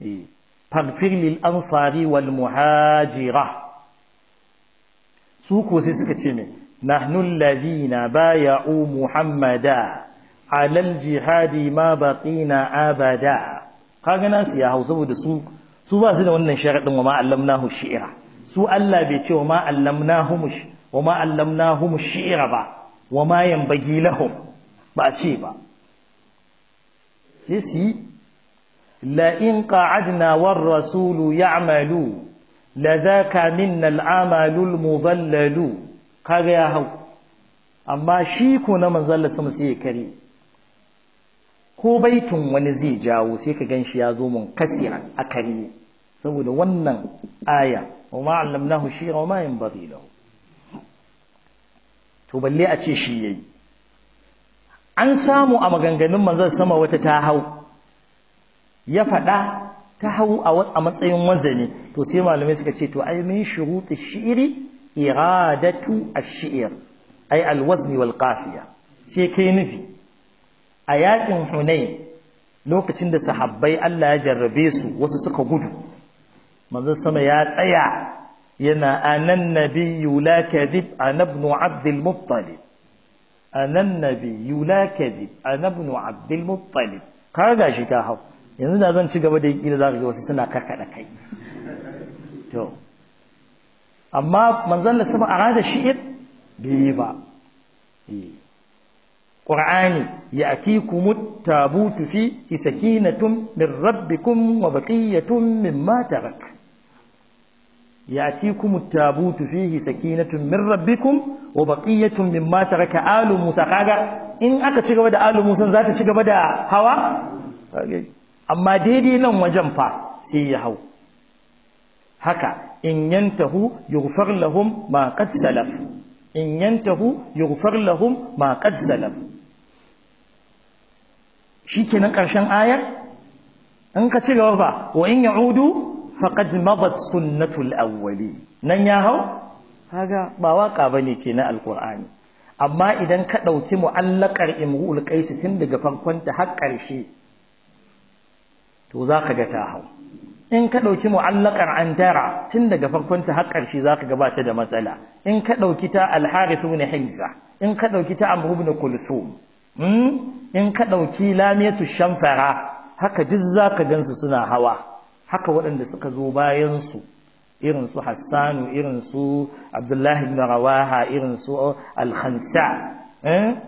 eh faghfir lil ansari wal muhajira su ko sai suka ce ne nahnu baya bay'u muhammada ala jihadi ma na abada kaga nan su ya hau saboda su su ba su da wannan sharadin wa ma allamnahu shi'ra su Allah bai ce wa ma allamnahu wa ma shi'ra ba wa ma yanbaghi lahum ba ce ba sai su لئن قعدنا والرسول يعمل لذاك min العمل muballalu kaga ya hau amma shi ko na manzalla sama sai ya kare ko baitun wani zai jawo sai ka ganshi ya zo mun kasi a kare saboda wannan aya wa ma allamnahu shi'ra wa ma yanbaghi lahu to balle a ce shi yayi an samu a maganganun manzon sama wata ta hau ya faɗa ta hau a matsayin wazani to sai malamai suka ce to ai min shuruti shi'iri iradatu ash-shi'r ai al-wazn wal qafiya sai kai nufi a yakin hunain lokacin da sahabbai Allah ya jarrabe su wasu suka gudu manzon sama ya tsaya yana anan nabiyyu la kadhib ana ibn abd al-muttalib anan nabiyyu la kadhib ana ibn abd al-muttalib kaga shi ka hau yanzu da zan ci gaba da yi za ka ga wasu suna karkaɗa kai to amma manzon da sama arada shi'ir bai ba eh. qur'ani ya'tikum tabutu fi sakinatum min rabbikum wa baqiyatun mimma tarak يأتيكم التابوت فيه سكينة من ربكم وبقية مما ترك آل موسى قال إن أكا شكبدا آل موسى ذات شكبدا هوا amma daidai nan wajen fa sai ya hau haka in yantahu yughfar lahum ma qad salaf in yantahu yughfar lahum ma qad salaf shikenan karshen ayar in ka ci gaba fa wa in ya'udu faqad madat sunnatul awwali nan ya hau kaga ba waka bane kenan alqur'ani amma idan ka dauki mu'allaqar imru'ul qais tun daga farkon ta har karshe to za ka ga ta hau in ka ɗauki mu'allakar an tara tun daga farkon ta har ƙarshe za ka gabata da matsala in ka ɗauki ta alharith ibn hijza in ka ɗauki ta amr ibn kulsum hmm? in ka ɗauki lamiyatu shamfara haka duk za ka gansu suna hawa haka waɗanda suka zo bayan su irin su hassanu irin su abdullahi ibn rawaha irin su al-khansa eh?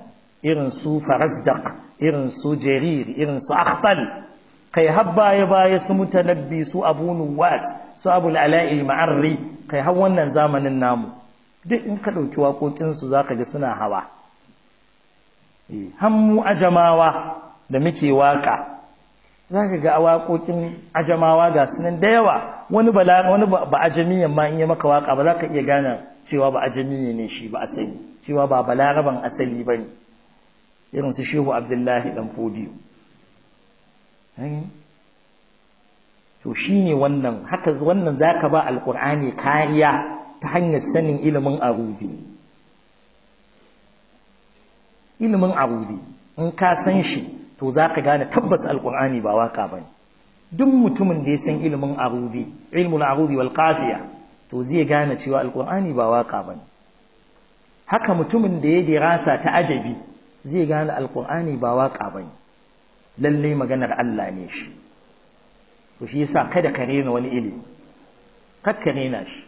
irin su farazdaq irin su jarir irin su akhtal kai har baya baya su mutanabbi su abu nuwas su abu al'ala'il ma'arri kai har wannan zamanin namu duk in ka ɗauki waƙoƙinsu za ka ji suna hawa eh, hammu ajamawa da muke waƙa za ka ga waƙoƙin ajamawa ga sunan da yawa wani ba ajamiyan ma in yi maka waƙa ba za ka iya gane cewa ba ajamiye ne shi ba asali cewa ba balaraban asali ba ne irin su shehu abdullahi ɗan fodiyo Eh? to shi ne wannan haka wannan za ka ba alkur'ani kariya ta hanyar sanin ilimin arubi ilimin arubi in ka san shi to za ka gane tabbas alkur'ani ba waka ne duk mutumin da ya san ilimin arubi ilmul arubi wal kafiya to zai gane cewa alkur'ani ba waka bane haka mutumin da ya dirasa ta ajabi zai gane alkur'ani ba waka bane Lallai maganar Allah ne shi to shi yasa kada ka rena wani ilimi kar ka rena shi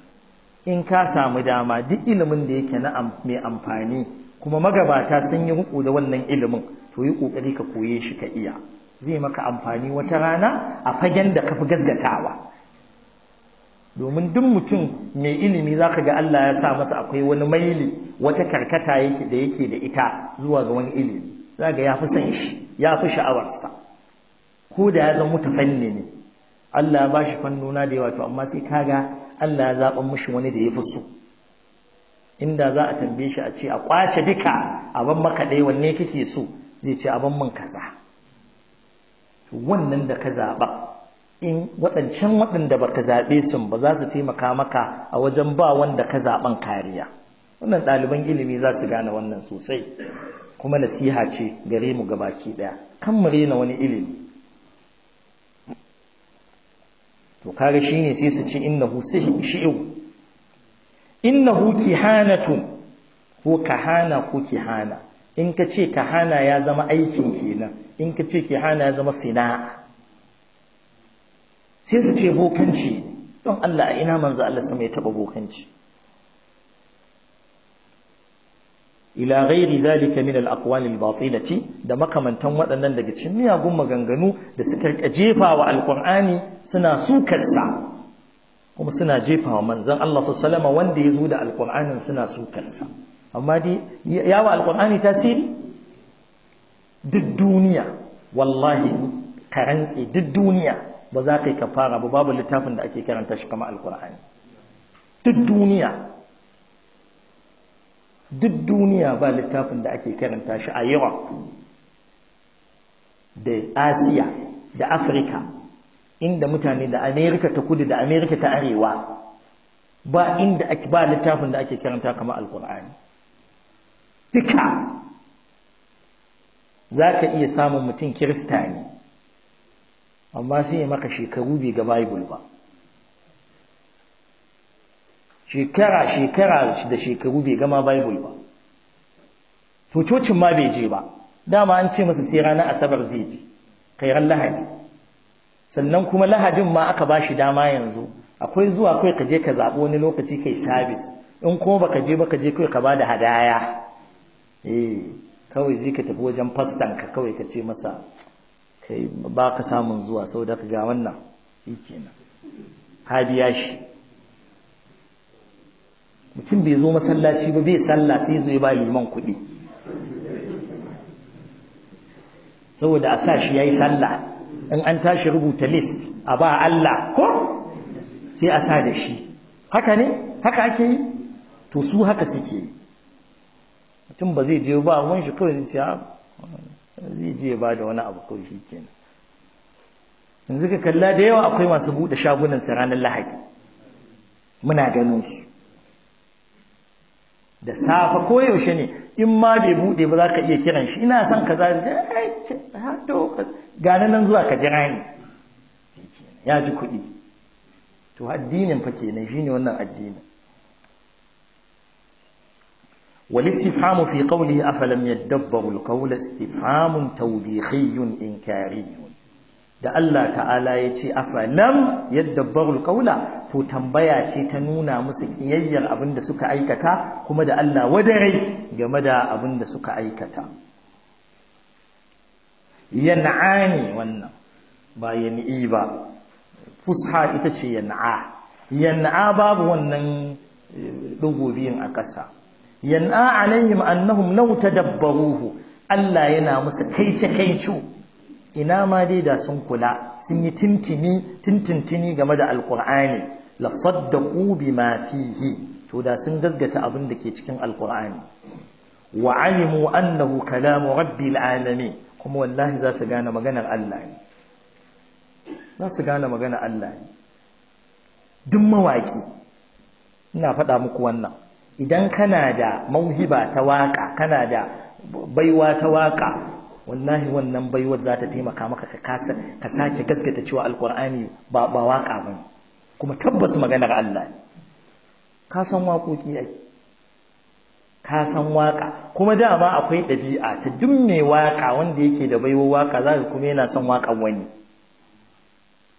in ka samu dama duk ilimin da yake na mai amfani kuma magabata sun yi riko da wannan ilimin to yi kokari ka koye shi ka iya zai maka amfani wata rana a fagen da kafi gazgatawa. domin duk mutum mai ilimi za ka ga Allah ya sa masa akwai wani maili wata karkata yake da yake da ita zuwa ga wani ilimi Za ga ya fi son shi ya fi sha'awarsa ko da ya zama mutafanni ne Allah ba shi fannuna da yawa to amma sai kaga Allah ya zaɓa mushi wani da ya fi so inda za a tambaye shi a ce a kwace duka abin maka ɗaya wanne kake so zai ce abin mun kaza wannan da ka zaɓa in waɗancan waɗanda ba ka zaɓe sun ba za su taimaka maka a wajen ba wanda ka zaɓan kariya wannan ɗaliban ilimi za su gane wannan sosai kuma nasiha ce gare mu gabaki daya kan mu rena wani ilimi to kaga shine sai su ci innahu shi'u innahu kihanatu ko kahana ko kihana in ka ce kahana ya zama aikin kenan in ka ce kihana ya zama sina'a sai su ce bokanci don Allah a ina manzo Allah sama ya taba bokanci ila ghairi zalika min al-aqwal al-batilati da makamantan waɗannan daga cikin miyagun maganganu da suka rika jefawa alqur'ani suna sukarsa kuma suna jefawa manzon Allah sallallahu wanda ya zo da alqur'anin suna sukarsa amma dai yawa alqur'ani tasiri duk duniya wallahi karantsi duk duniya ba za ka yi kafara ba babu littafin da ake karanta shi kama alqur'ani duk duniya duk duniya ba littafin da ake karanta shi a Europe da Asiya da Afirka inda mutane da Amerika ta kudu da Amerika ta arewa ba inda ba littafin da ake karanta kamar alkur'ani duka za ka iya samun mutum kirista ne amma sun yi maka shekaru bai ga bible ba shekara shekara da shekaru bai gama bible ba to cocin ma bai je ba dama an ce masa sai ranar asabar zai je kairan lahadi sannan kuma lahadin ma aka ba shi dama yanzu akwai zuwa kai ka je ka zaɓi wani lokaci kai sabis in kuma baka je baka je kai ka da hadaya eh kawai zai ka tafi wajen fastan ka kawai ka ce masa kai ba ka samun zuwa saboda ka ga wannan shikenan hadiya shi mutum bai zo masallaci ba bai sallah sai zo ya ba liman kuɗi saboda a sa shi ya yi sallah in an tashi rubuta list a ba Allah ko sai a sa da shi haka ne haka ake yi to su haka suke mutum ba zai je ba wani shi kawai zai ah, zai je ba da wani abu kawai shi kenan yanzu ka kalla da yawa akwai masu buɗe shagunan ranar lahadi muna ganin su da safa ko yaushe ne in ma bai bude ba za ka iya kiran shi ina son ka za ce gane nan zuwa ka jira ni ya ji kuɗi to addinin fa kenan ne wannan addinin والاستفهام في قوله أفلم يدبروا القول استفهام توبيخي إنكاري da Allah ta'ala ya ce afalam yadda barul kaula to tambaya ce ta nuna musu ƙiyayyar abin da suka aikata kuma da Allah wadarai game da abin da suka aikata ne wannan ba yan'i ba fusha ita ce yan'a yan'a babu wannan dugo eh, biyun a ƙasa yan'a alayhim annahum ta dabbaruhu. Allah yana musu kai ta kai ina ma dai da sun kula sun yi tintini tintintini game da alkur'ani la saddaku bima fihi to da sun gazgata abin da ke cikin alkur'ani wa alimu annahu kalamu rabbil alami. kuma wallahi za su gane maganar Allah ne za su gane maganar Allah ne duk mawaki ina faɗa muku wannan idan kana da mauhiba ta waka kana da baiwa ta waka wallahi wannan baiwar za ta taimaka maka ka kasa ka sake gaskata cewa alkur'ani ba ba waka ba kuma tabbas maganar Allah ne ka san waƙoƙi ai ka san waka kuma dama akwai ɗabi'a ta duk mai waka wanda yake da baiwar waka za kuma yana son waka wani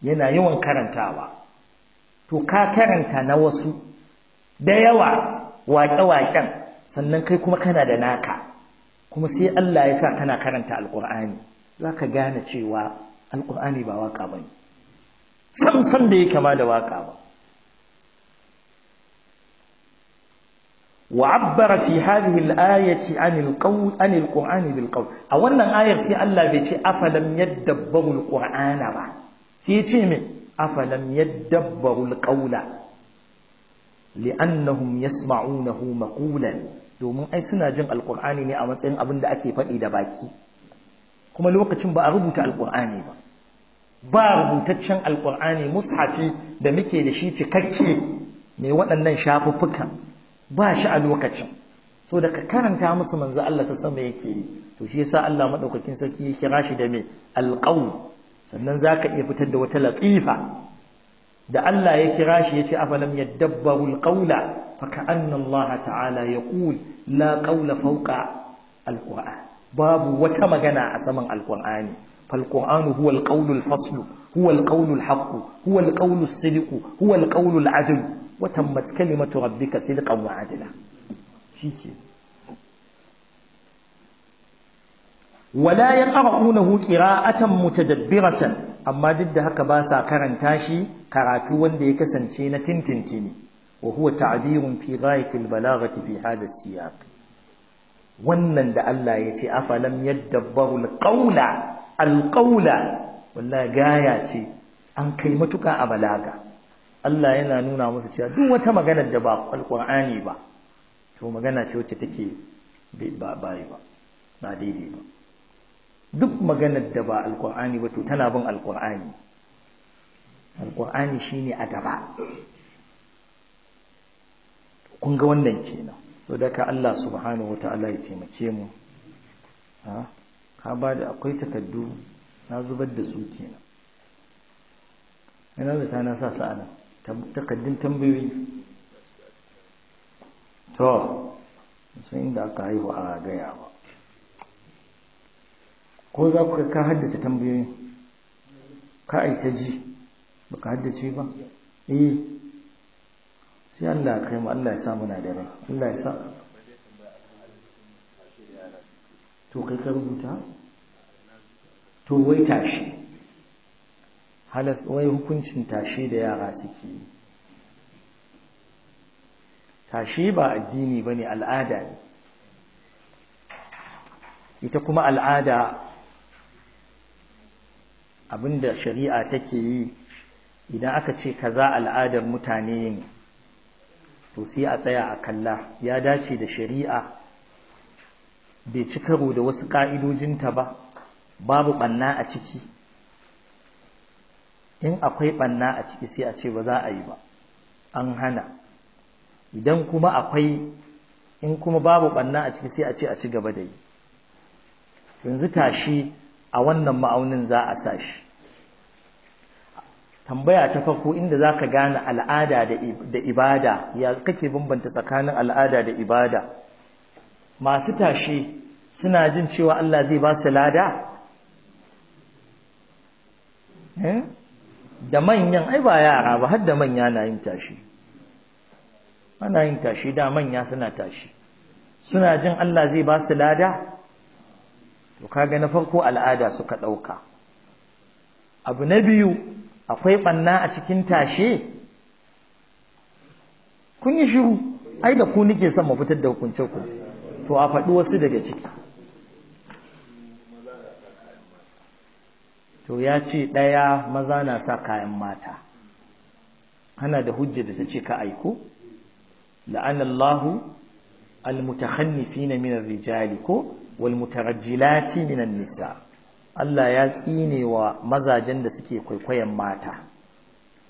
yana yawan karantawa to ka karanta na wasu da yawa waƙe-waƙen sannan kai kuma kana da naka kuma sai Allah ya sa kana karanta alqur'ani zaka gane cewa Alƙur'ani ba waka bane samsan da yake ma da waka ba wa'abbara fi hadhihi al-ayati an al-qawl an al-qur'ani bil-qawl a wannan ayar sai Allah bai ce afalam yadabbaru al-qur'ana ba sai ya ce me afalam yadabbaru al-qawla li'annahum yasma'unahu maqulan domin ai suna jin alkur'ani ne a matsayin abin da ake faɗi da baki kuma lokacin ba a rubuta alkur'ani ba ba rubutaccen alkur'ani mushafi da muke da shi cikakke mai waɗannan shafuffukan ba shi a lokacin so da ka karanta musu manzo Allah ta sama yake yi to shi yasa Allah madaukakin sarki ya kira shi da mai alqaw sannan zaka iya fitar da wata latifa da Allah ya kira shi yace afalam yadabbaru alqawla fa ka'anna Allah ta'ala yaqul la qawla fawqa alquran babu wata magana a saman alqur'ani falqur'anu huwa alqawlu faslu, huwa alqawlu alhaq huwa alqawlu as-sidq huwa alqawlu aladl wa tammat kalimatu rabbika sidqan wa adla shike wala ya atan mu qira'atan mutadabbiratan amma duk da haka ba sa karanta shi karatu wanda ya kasance na tintintini Wahuwa ta'abirun ta'birun fi ghayati al-balaghati fi wannan da Allah ya ce afalam yadabbaru al-qawla al-qawla wallahi gaya ce an kai matuka a balaga Allah yana nuna musu cewa duk wata magana da ba alqur'ani ba to magana ce wacce take ba ba ba daidai ba duk maganar da ba alkur'ani ba to tana bin alkur'ani alkur'ani shine a gaba kun ga wannan kenan so daga Allah subhanahu wataala ya taimake mu ka ba da akwai takaddu na zubar da su kenan ina zata na sa sa'ana takaddun tambayoyi to sun inda aka haihu a gayawa ko za ku ka haddace tambayoyin ka aita ji ba ka haddace ba eh sai Allah ya kai mu Allah ya sa muna da rai Allah ya sa to kai ka rubuta to wai tashi halas wai hukuncin tashi da yara suke tashi ba addini bane al'ada ne ita kuma al'ada abinda shari'a take yi idan aka ce kaza al'adar mutane ne to sai a tsaya a kalla ya dace da shari'a bai ci karo da wasu ƙa'idojinta ba babu ɓanna a ciki in akwai ɓanna a ciki sai a ce ba za a yi ba an hana idan kuma akwai in kuma babu ɓanna a ciki sai a ce a ci gaba da yi yanzu tashi a wannan ma'aunin za a sa shi tambaya ta farko inda za ka gane al'ada da ibada ya kake bambanta tsakanin al'ada da ibada masu tashe suna jin cewa Allah zai ba su lada eh? da manyan ai ba yara ba har da manya na yin tashi ana yin tashi da manya suna tashi suna jin Allah zai ba su lada to kaga na farko al'ada suka ɗauka abu na biyu akwai ɓanna a cikin tashe kun yi shiru ai da ku nike son mafitar da hukunce ku to a faɗi wasu daga ciki to ya ce ɗaya maza na sa kayan mata ana da hujja da ta ce ka aiko la'anallahu al almutakhannifina min ar-rijali ko wal minan nisa Allah ya tsine wa mazajen da suke kwaikwayon mata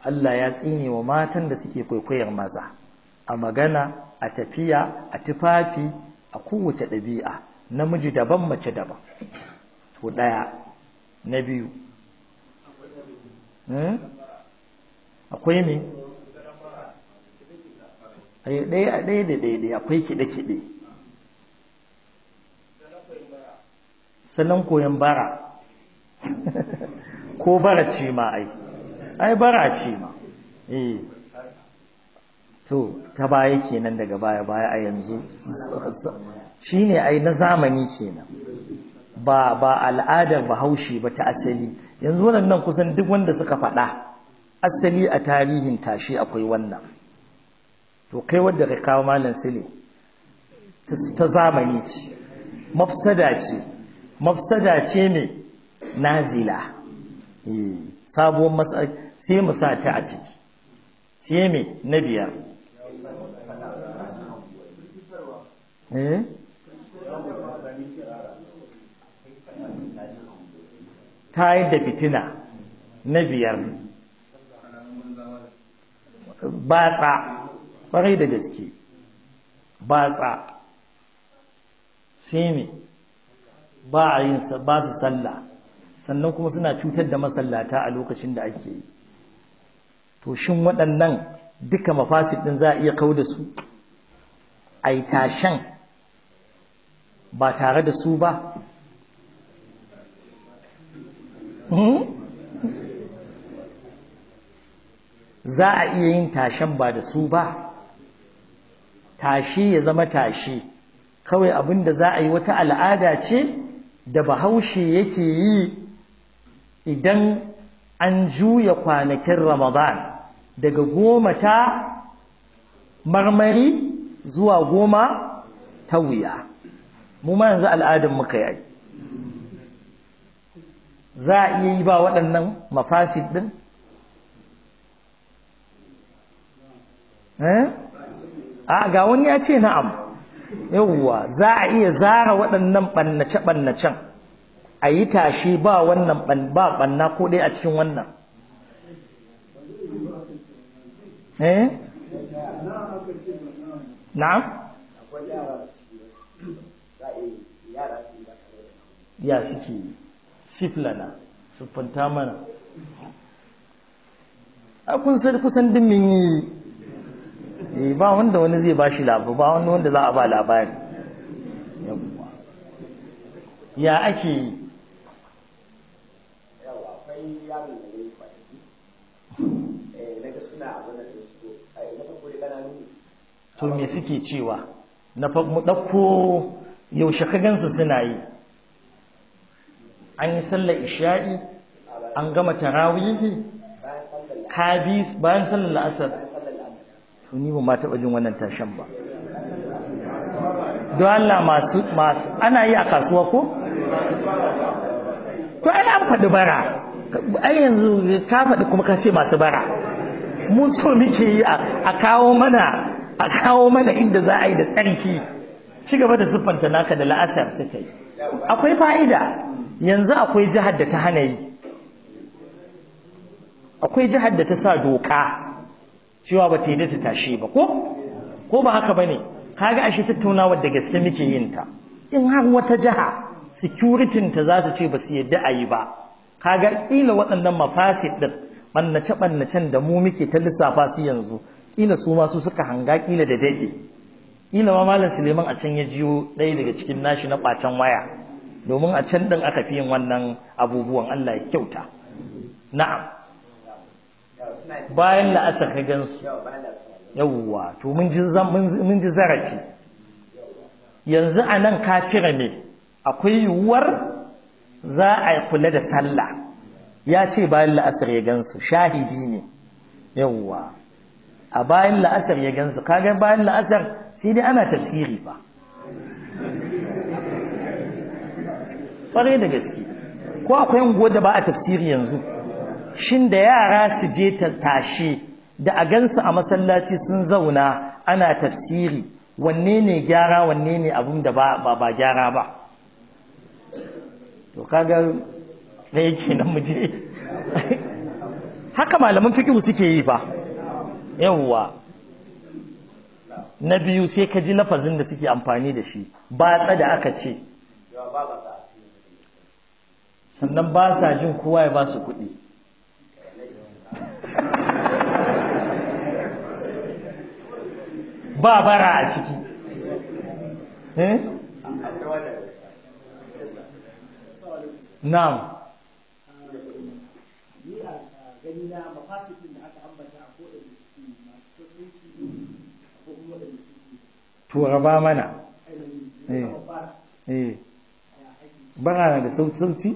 Allah ya tsine wa matan da suke kwaikwayon maza a magana a tafiya a tufafi a kowace ɗabi'a namiji daban mace daban to ɗaya na biyu akwai me ɗaya da ɗaya akwai kiɗe-kiɗe sannan koyan bara ko bara ce ma ai ai bara ce ma eh to ta baya kenan daga baya baya a yanzu shine ai na zamani kenan ba ba al'adar bahaushe ba ta asali yanzu wannan kusan duk wanda suka faɗa asali a tarihin tashi akwai wannan to kai wadda ka kawo malam sile ta zamani ce mafsada ce mafsada ce mai nazila eh, sabuwar matsar sai mu sa ta a ciki sai mai na biyar eh? ta yi da fitina na biyar batsa ƙwarai da gaske batsa sai mai ba a yin ba su sallah sannan kuma suna cutar da masallata a lokacin da ake yi to shin waɗannan duka mafasid ɗin za a iya kau da su yi tashen ba tare da su ba hmm? za a iya yin tashen ba da su ba tashi ya zama tashi kawai abinda za a yi wata al'ada ce da bahaushe yake yi idan an juya kwanakin ramadan daga goma ta marmari zuwa goma ta wuya mu ma yanzu al'adun muka yi za a iya yi ba waɗannan mafasid ɗin eh? a ga wani ya ce na'am yawwa za a iya zara waɗannan ɓannace-ɓannacen a yi tashi ba wannan ba ɓanna ko dai a cikin wannan eh na'am ya suke siflana siffanta mana a kun kusan dimmin yi Eh, ba wanda wani zai bashi labu ba wani wanda za a ba labari ya ake yi eh, to me suke cewa na mu ɗauko yaushe ka suna yi an yi sallar isha'i an gama tarawihi ka bayan sallar la'asar to ni ba ma taɓa jin wannan tashan ba don Allah masu ana yi a kasuwa ko Ko ai an faɗi bara ai yanzu ka faɗi kuma ka ce masu bara mu so muke yi a kawo mana a kawo mana inda za a yi da tsarki ci gaba da siffanta naka da la'asar suka yi akwai fa'ida yanzu akwai jihar da ta hana yi akwai jihar da ta sa doka cewa ba ta yi ta tashi ba ko ko ba haka ba bane kaga ashe tattaunawar da gaske muke yin ta in har wata jiha security ta za su ce ba su yadda a yi ba kaga kila waɗannan mafasid din bannace bannacen da mu muke ta lissafa su yanzu kila su ma su suka hanga kila da daɗe kila ma malam Suleiman a can ya jiyo ɗaya daga cikin nashi na ƙwacen waya domin a can ɗin aka fi yin wannan abubuwan Allah ya kyauta na'am bayan la'asar ka gansu yawwa to mun ji zarafi yanzu anan nan ka cire ne akwai yiwuwar za a kula da sallah ya ce bayan la'asar ya gansu shahidi ne yawwa a bayan la'asar ya gansu kaga bayan la'asar sai dai ana tafsiri ba ƙwarai da gaske ko akwai unguwar da ba a tafsiri yanzu shin da yara su je ta tashi da a gansu a masallaci sun zauna ana tafsiri wanne ne gyara wanne ne abin da ba ba gyara ba to kaga da yake nan muje? haka malaman fiqh suke yi ba. yawwa na biyu sai ka ji lafazin da suke amfani da shi batsa da aka ce sannan ba sa jin kowa ya ba su kuɗi ba bara a ciki Tura eh? turaba mana eh. Eh. bara da sauci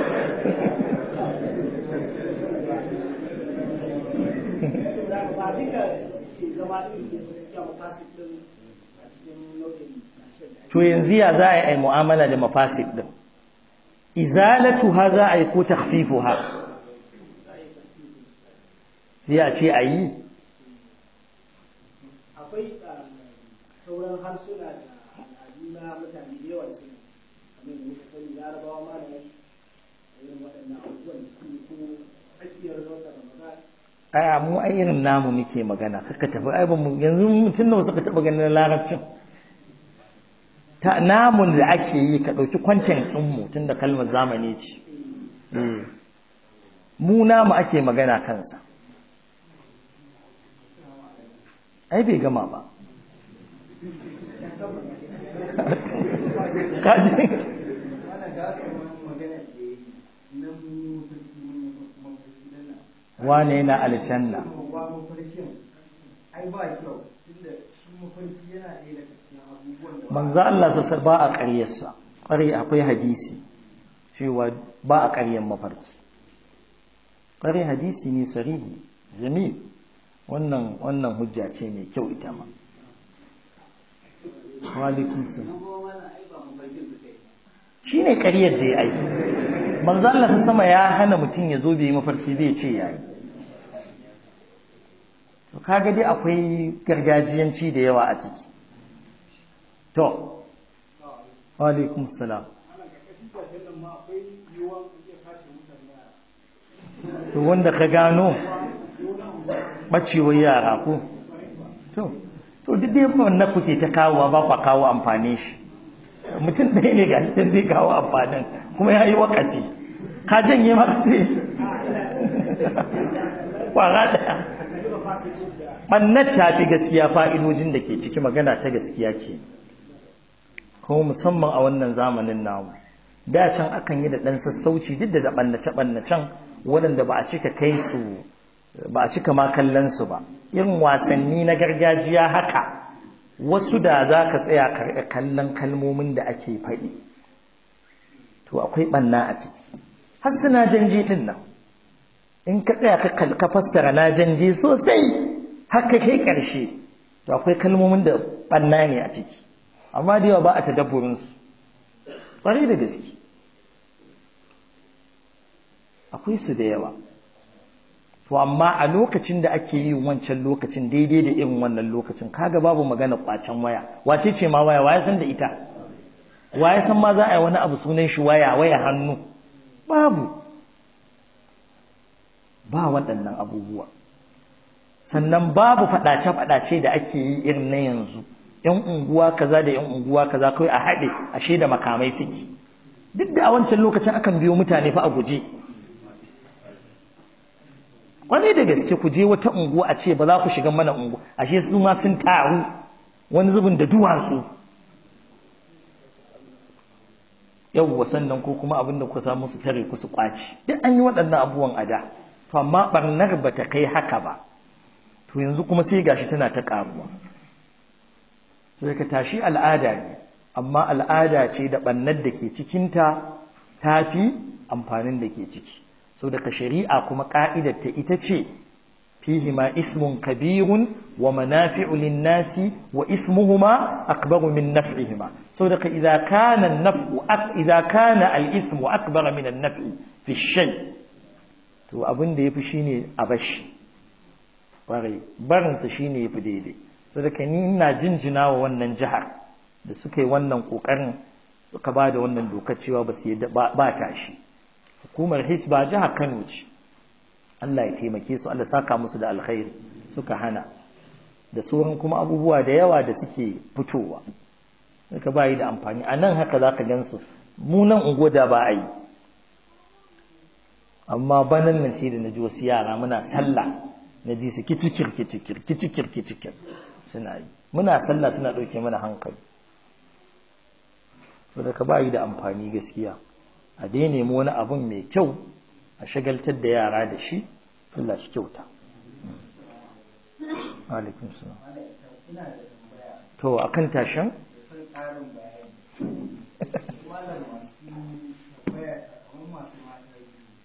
to yanzu ya za a yi mu'amala da mafasid din izalatu ha za a yi ko takhfifu ha sai a ce a akwai ah, sauran harsuna da al'adu na mutane aya mu ai irin namu muke magana kaka tafi ai yanzu mutum nawa suka taba ganin larabcin ta namun da ake yi ka dauki kwancin tsinmu tunda kalmar zamani ce hmm. mu namu ake magana kansa ai bai gama ba kaji wane na aljanna manzo Allah sassa ba a ƙaryarsa ƙari akwai hadisi cewa ba a ƙaryar mafarki ƙari hadisi ne sarihi jamil wannan wannan hujja ce mai kyau ita ma walikinsa shi ne ƙaryar da ya aiki manzo Allah sama ya hana mutum ya zo bai yi mafarki bai ce ya yi kaga dai akwai gargajiyanci da yawa a ciki to alaikum salam to wanda ka gano bacewar yara ko to to duk dai na kuke ta kawowa ba kwa kawo amfani shi mutum ɗaya ne ga shi zai kawo amfanin kuma ya yi wakati ka janye maka ce kwara ɗaya ɓannar ta fi gaskiya fa'idojin da ke ciki magana ta gaskiya ke kuma musamman a wannan zamanin namu da can akan yi da ɗan sassauci duk da ɓannace-ɓannacen waɗanda ba a cika kai su ba a cika ma kallon su ba irin wasanni na gargajiya haka wasu da za ka tsaya karɓe kallon kalmomin da ake faɗi to akwai ɓanna a ciki har suna janji nan in ka tsaya ka fassara na janji sosai haka kai ƙarshe to akwai kalmomin da ɓanna ne a ciki amma da yawa ba a su ƙwarai da gaske akwai su da yawa to amma a lokacin da ake yi wancan lokacin daidai da irin wannan lokacin kaga babu magana kwacen waya wace ce ma waya waya san da ita waya san ma za a yi wani abu sunan shi waya waya hannu babu ba waɗannan abubuwa sannan babu faɗace-faɗace da ake yi irin na yanzu ‘yan unguwa kaza da ‘yan unguwa kaza kawai a haɗe ashe da makamai suke duk da a wancan lokacin akan biyo mutane fa a guje wani da gaske ku je wata unguwa a ce ba za ku shiga mana unguwa ashe su ma sun taru wani zubin da duwatsu yawwa sannan ko kuma abin da ku samu su tare ku su kwaci duk an yi waɗannan abubuwan a da to amma barnar ba ta kai haka ba to yanzu kuma sai gashi tana ta karuwa sai ka tashi al'ada ne amma al'ada ce da ɓarnar da ke cikinta ta fi amfanin da ke ciki so daga shari'a kuma ka'idar ta ita ce fihima ismun kabirun wa manafi'u linnasi nasi wa ismuhuma akbaru min naf'ihima so daga idza kana an-naf'u idza kana al-ismu akbara min an-naf'i fi shay to abin da ya fi shi ne a bashi ƙwarai barinsa shi ne ya fi daidai saboda ni ina jinjina wa wannan jihar da suka yi wannan ƙoƙarin suka ba da wannan dokar cewa ba su yi ba ta shi hukumar hisba jihar kano ce allah ya taimake su allah saka musu da alkhairi suka hana da sauran kuma abubuwa da yawa da suke fitowa suka bayi da amfani a nan haka za ka gan su mu nan ungoda ba a yi amma banan nan sai da na ji wasu yara muna sallah na ji su kicikir kicikir kicikir kicikir suna yi muna sallah suna ɗauke mana hankali wadda ka bayi da amfani gaskiya a dai nemi wani abun mai kyau a shagaltar da yara da shi Allah shi kyauta alaikun suna to akan tashin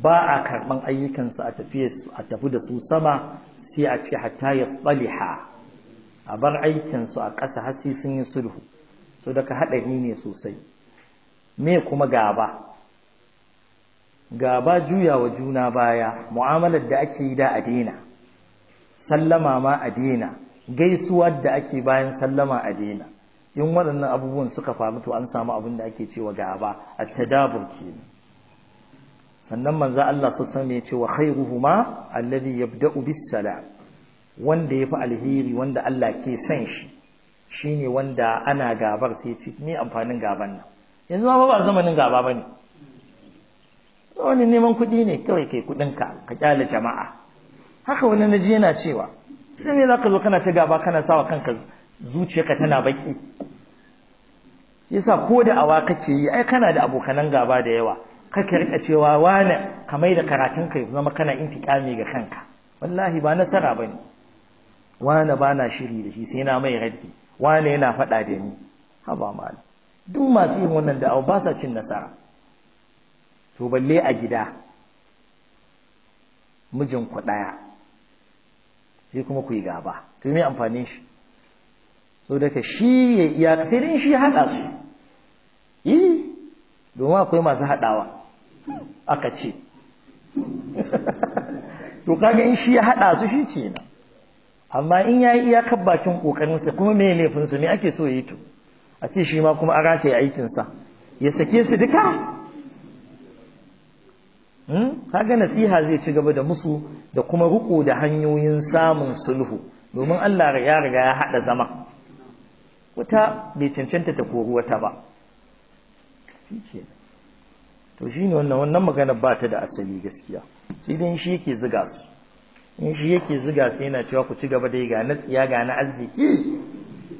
ba a karɓan ayyukansu a tafi da su sama sai a ce hata ya tsaliha a bar aikinsu a ƙasa hasi sun yi sulhu so daga haɗari ne sosai me kuma gaba gaba juya wa juna baya mu'amalar da ake yi da a dina sallama ma a dina gaisuwar da ake bayan sallama a dina in waɗannan abubuwan suka faru to an samu abin da ake cewa gaba a tadabur kenan sannan manzo Allah sassan ya ce wa ma, alladhi yabda'u bis salam wanda yafi alheri wanda Allah ke san shi shine wanda ana gabar sai ce ni amfanin gaban nan yanzu ma ba zamanin gaba bane wani neman kuɗi ne kawai kai kuɗin ka ka kyale jama'a haka wani naji yana cewa sai me zaka zo kana ta gaba kana sawa kanka zuciyarka tana baki yasa ko da awa kake yi ai kana da abokanan gaba da yawa kaka rika cewa wane ka mai da karatun ka zama kana intiƙami ga kanka wallahi ba nasara bane wane ba na shiri da shi sai na mai raddi wane yana faɗa da ni haba mal duk masu yin wannan da'awa ba sa cin nasara to balle a gida mijin ku ɗaya sai kuma ku yi gaba to me amfanin shi so daga shi ya sai dai shi haɗa su yi domin akwai masu haɗawa aka ce to kaga in shi ya hada su shi ce na, amma in ya yi iyakar bakin kokarin sai kuma mai laifin su me ake so ya yi to a ce shi ma kuma an rataye aikin ya sake su duka hmm? kaga nasiha zai ci gaba da musu da kuma riko da hanyoyin samun sulhu domin Allah ya riga ya hada zama wata bai cancanta ta kori wata ba shi ce. to shi ne wannan wannan magana ba ta da asali gaskiya sai dai shi yake ziga su in shi yake ziga su yana cewa ku ci gaba dai ga na tsiya ga na arziki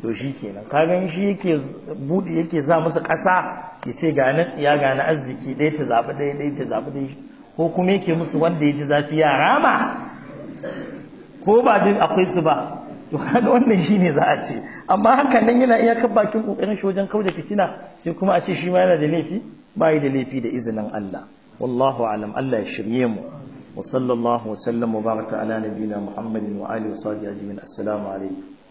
to shi kenan kaga in shi yake buɗe yake za musu ƙasa ya ce ga na tsiya ga na arziki ɗaya ta zaɓi ɗaya ɗaya ta zaɓi ɗaya ko kuma yake musu wanda ya ji zafi ya rama ko ba duk akwai su ba to kaga wannan ne za a ce amma hakan nan yana iya kan bakin ƙoƙarin shi wajen kauda fitina sai kuma a ce shi ma yana da laifi bai da laifi da izinin Allah wallahu alam Allah ya shirye mu wa sallallahu wa sallam wa baraka ala nabiyina muhammadin wa alihi wa sahbihi ajma'in assalamu alaikum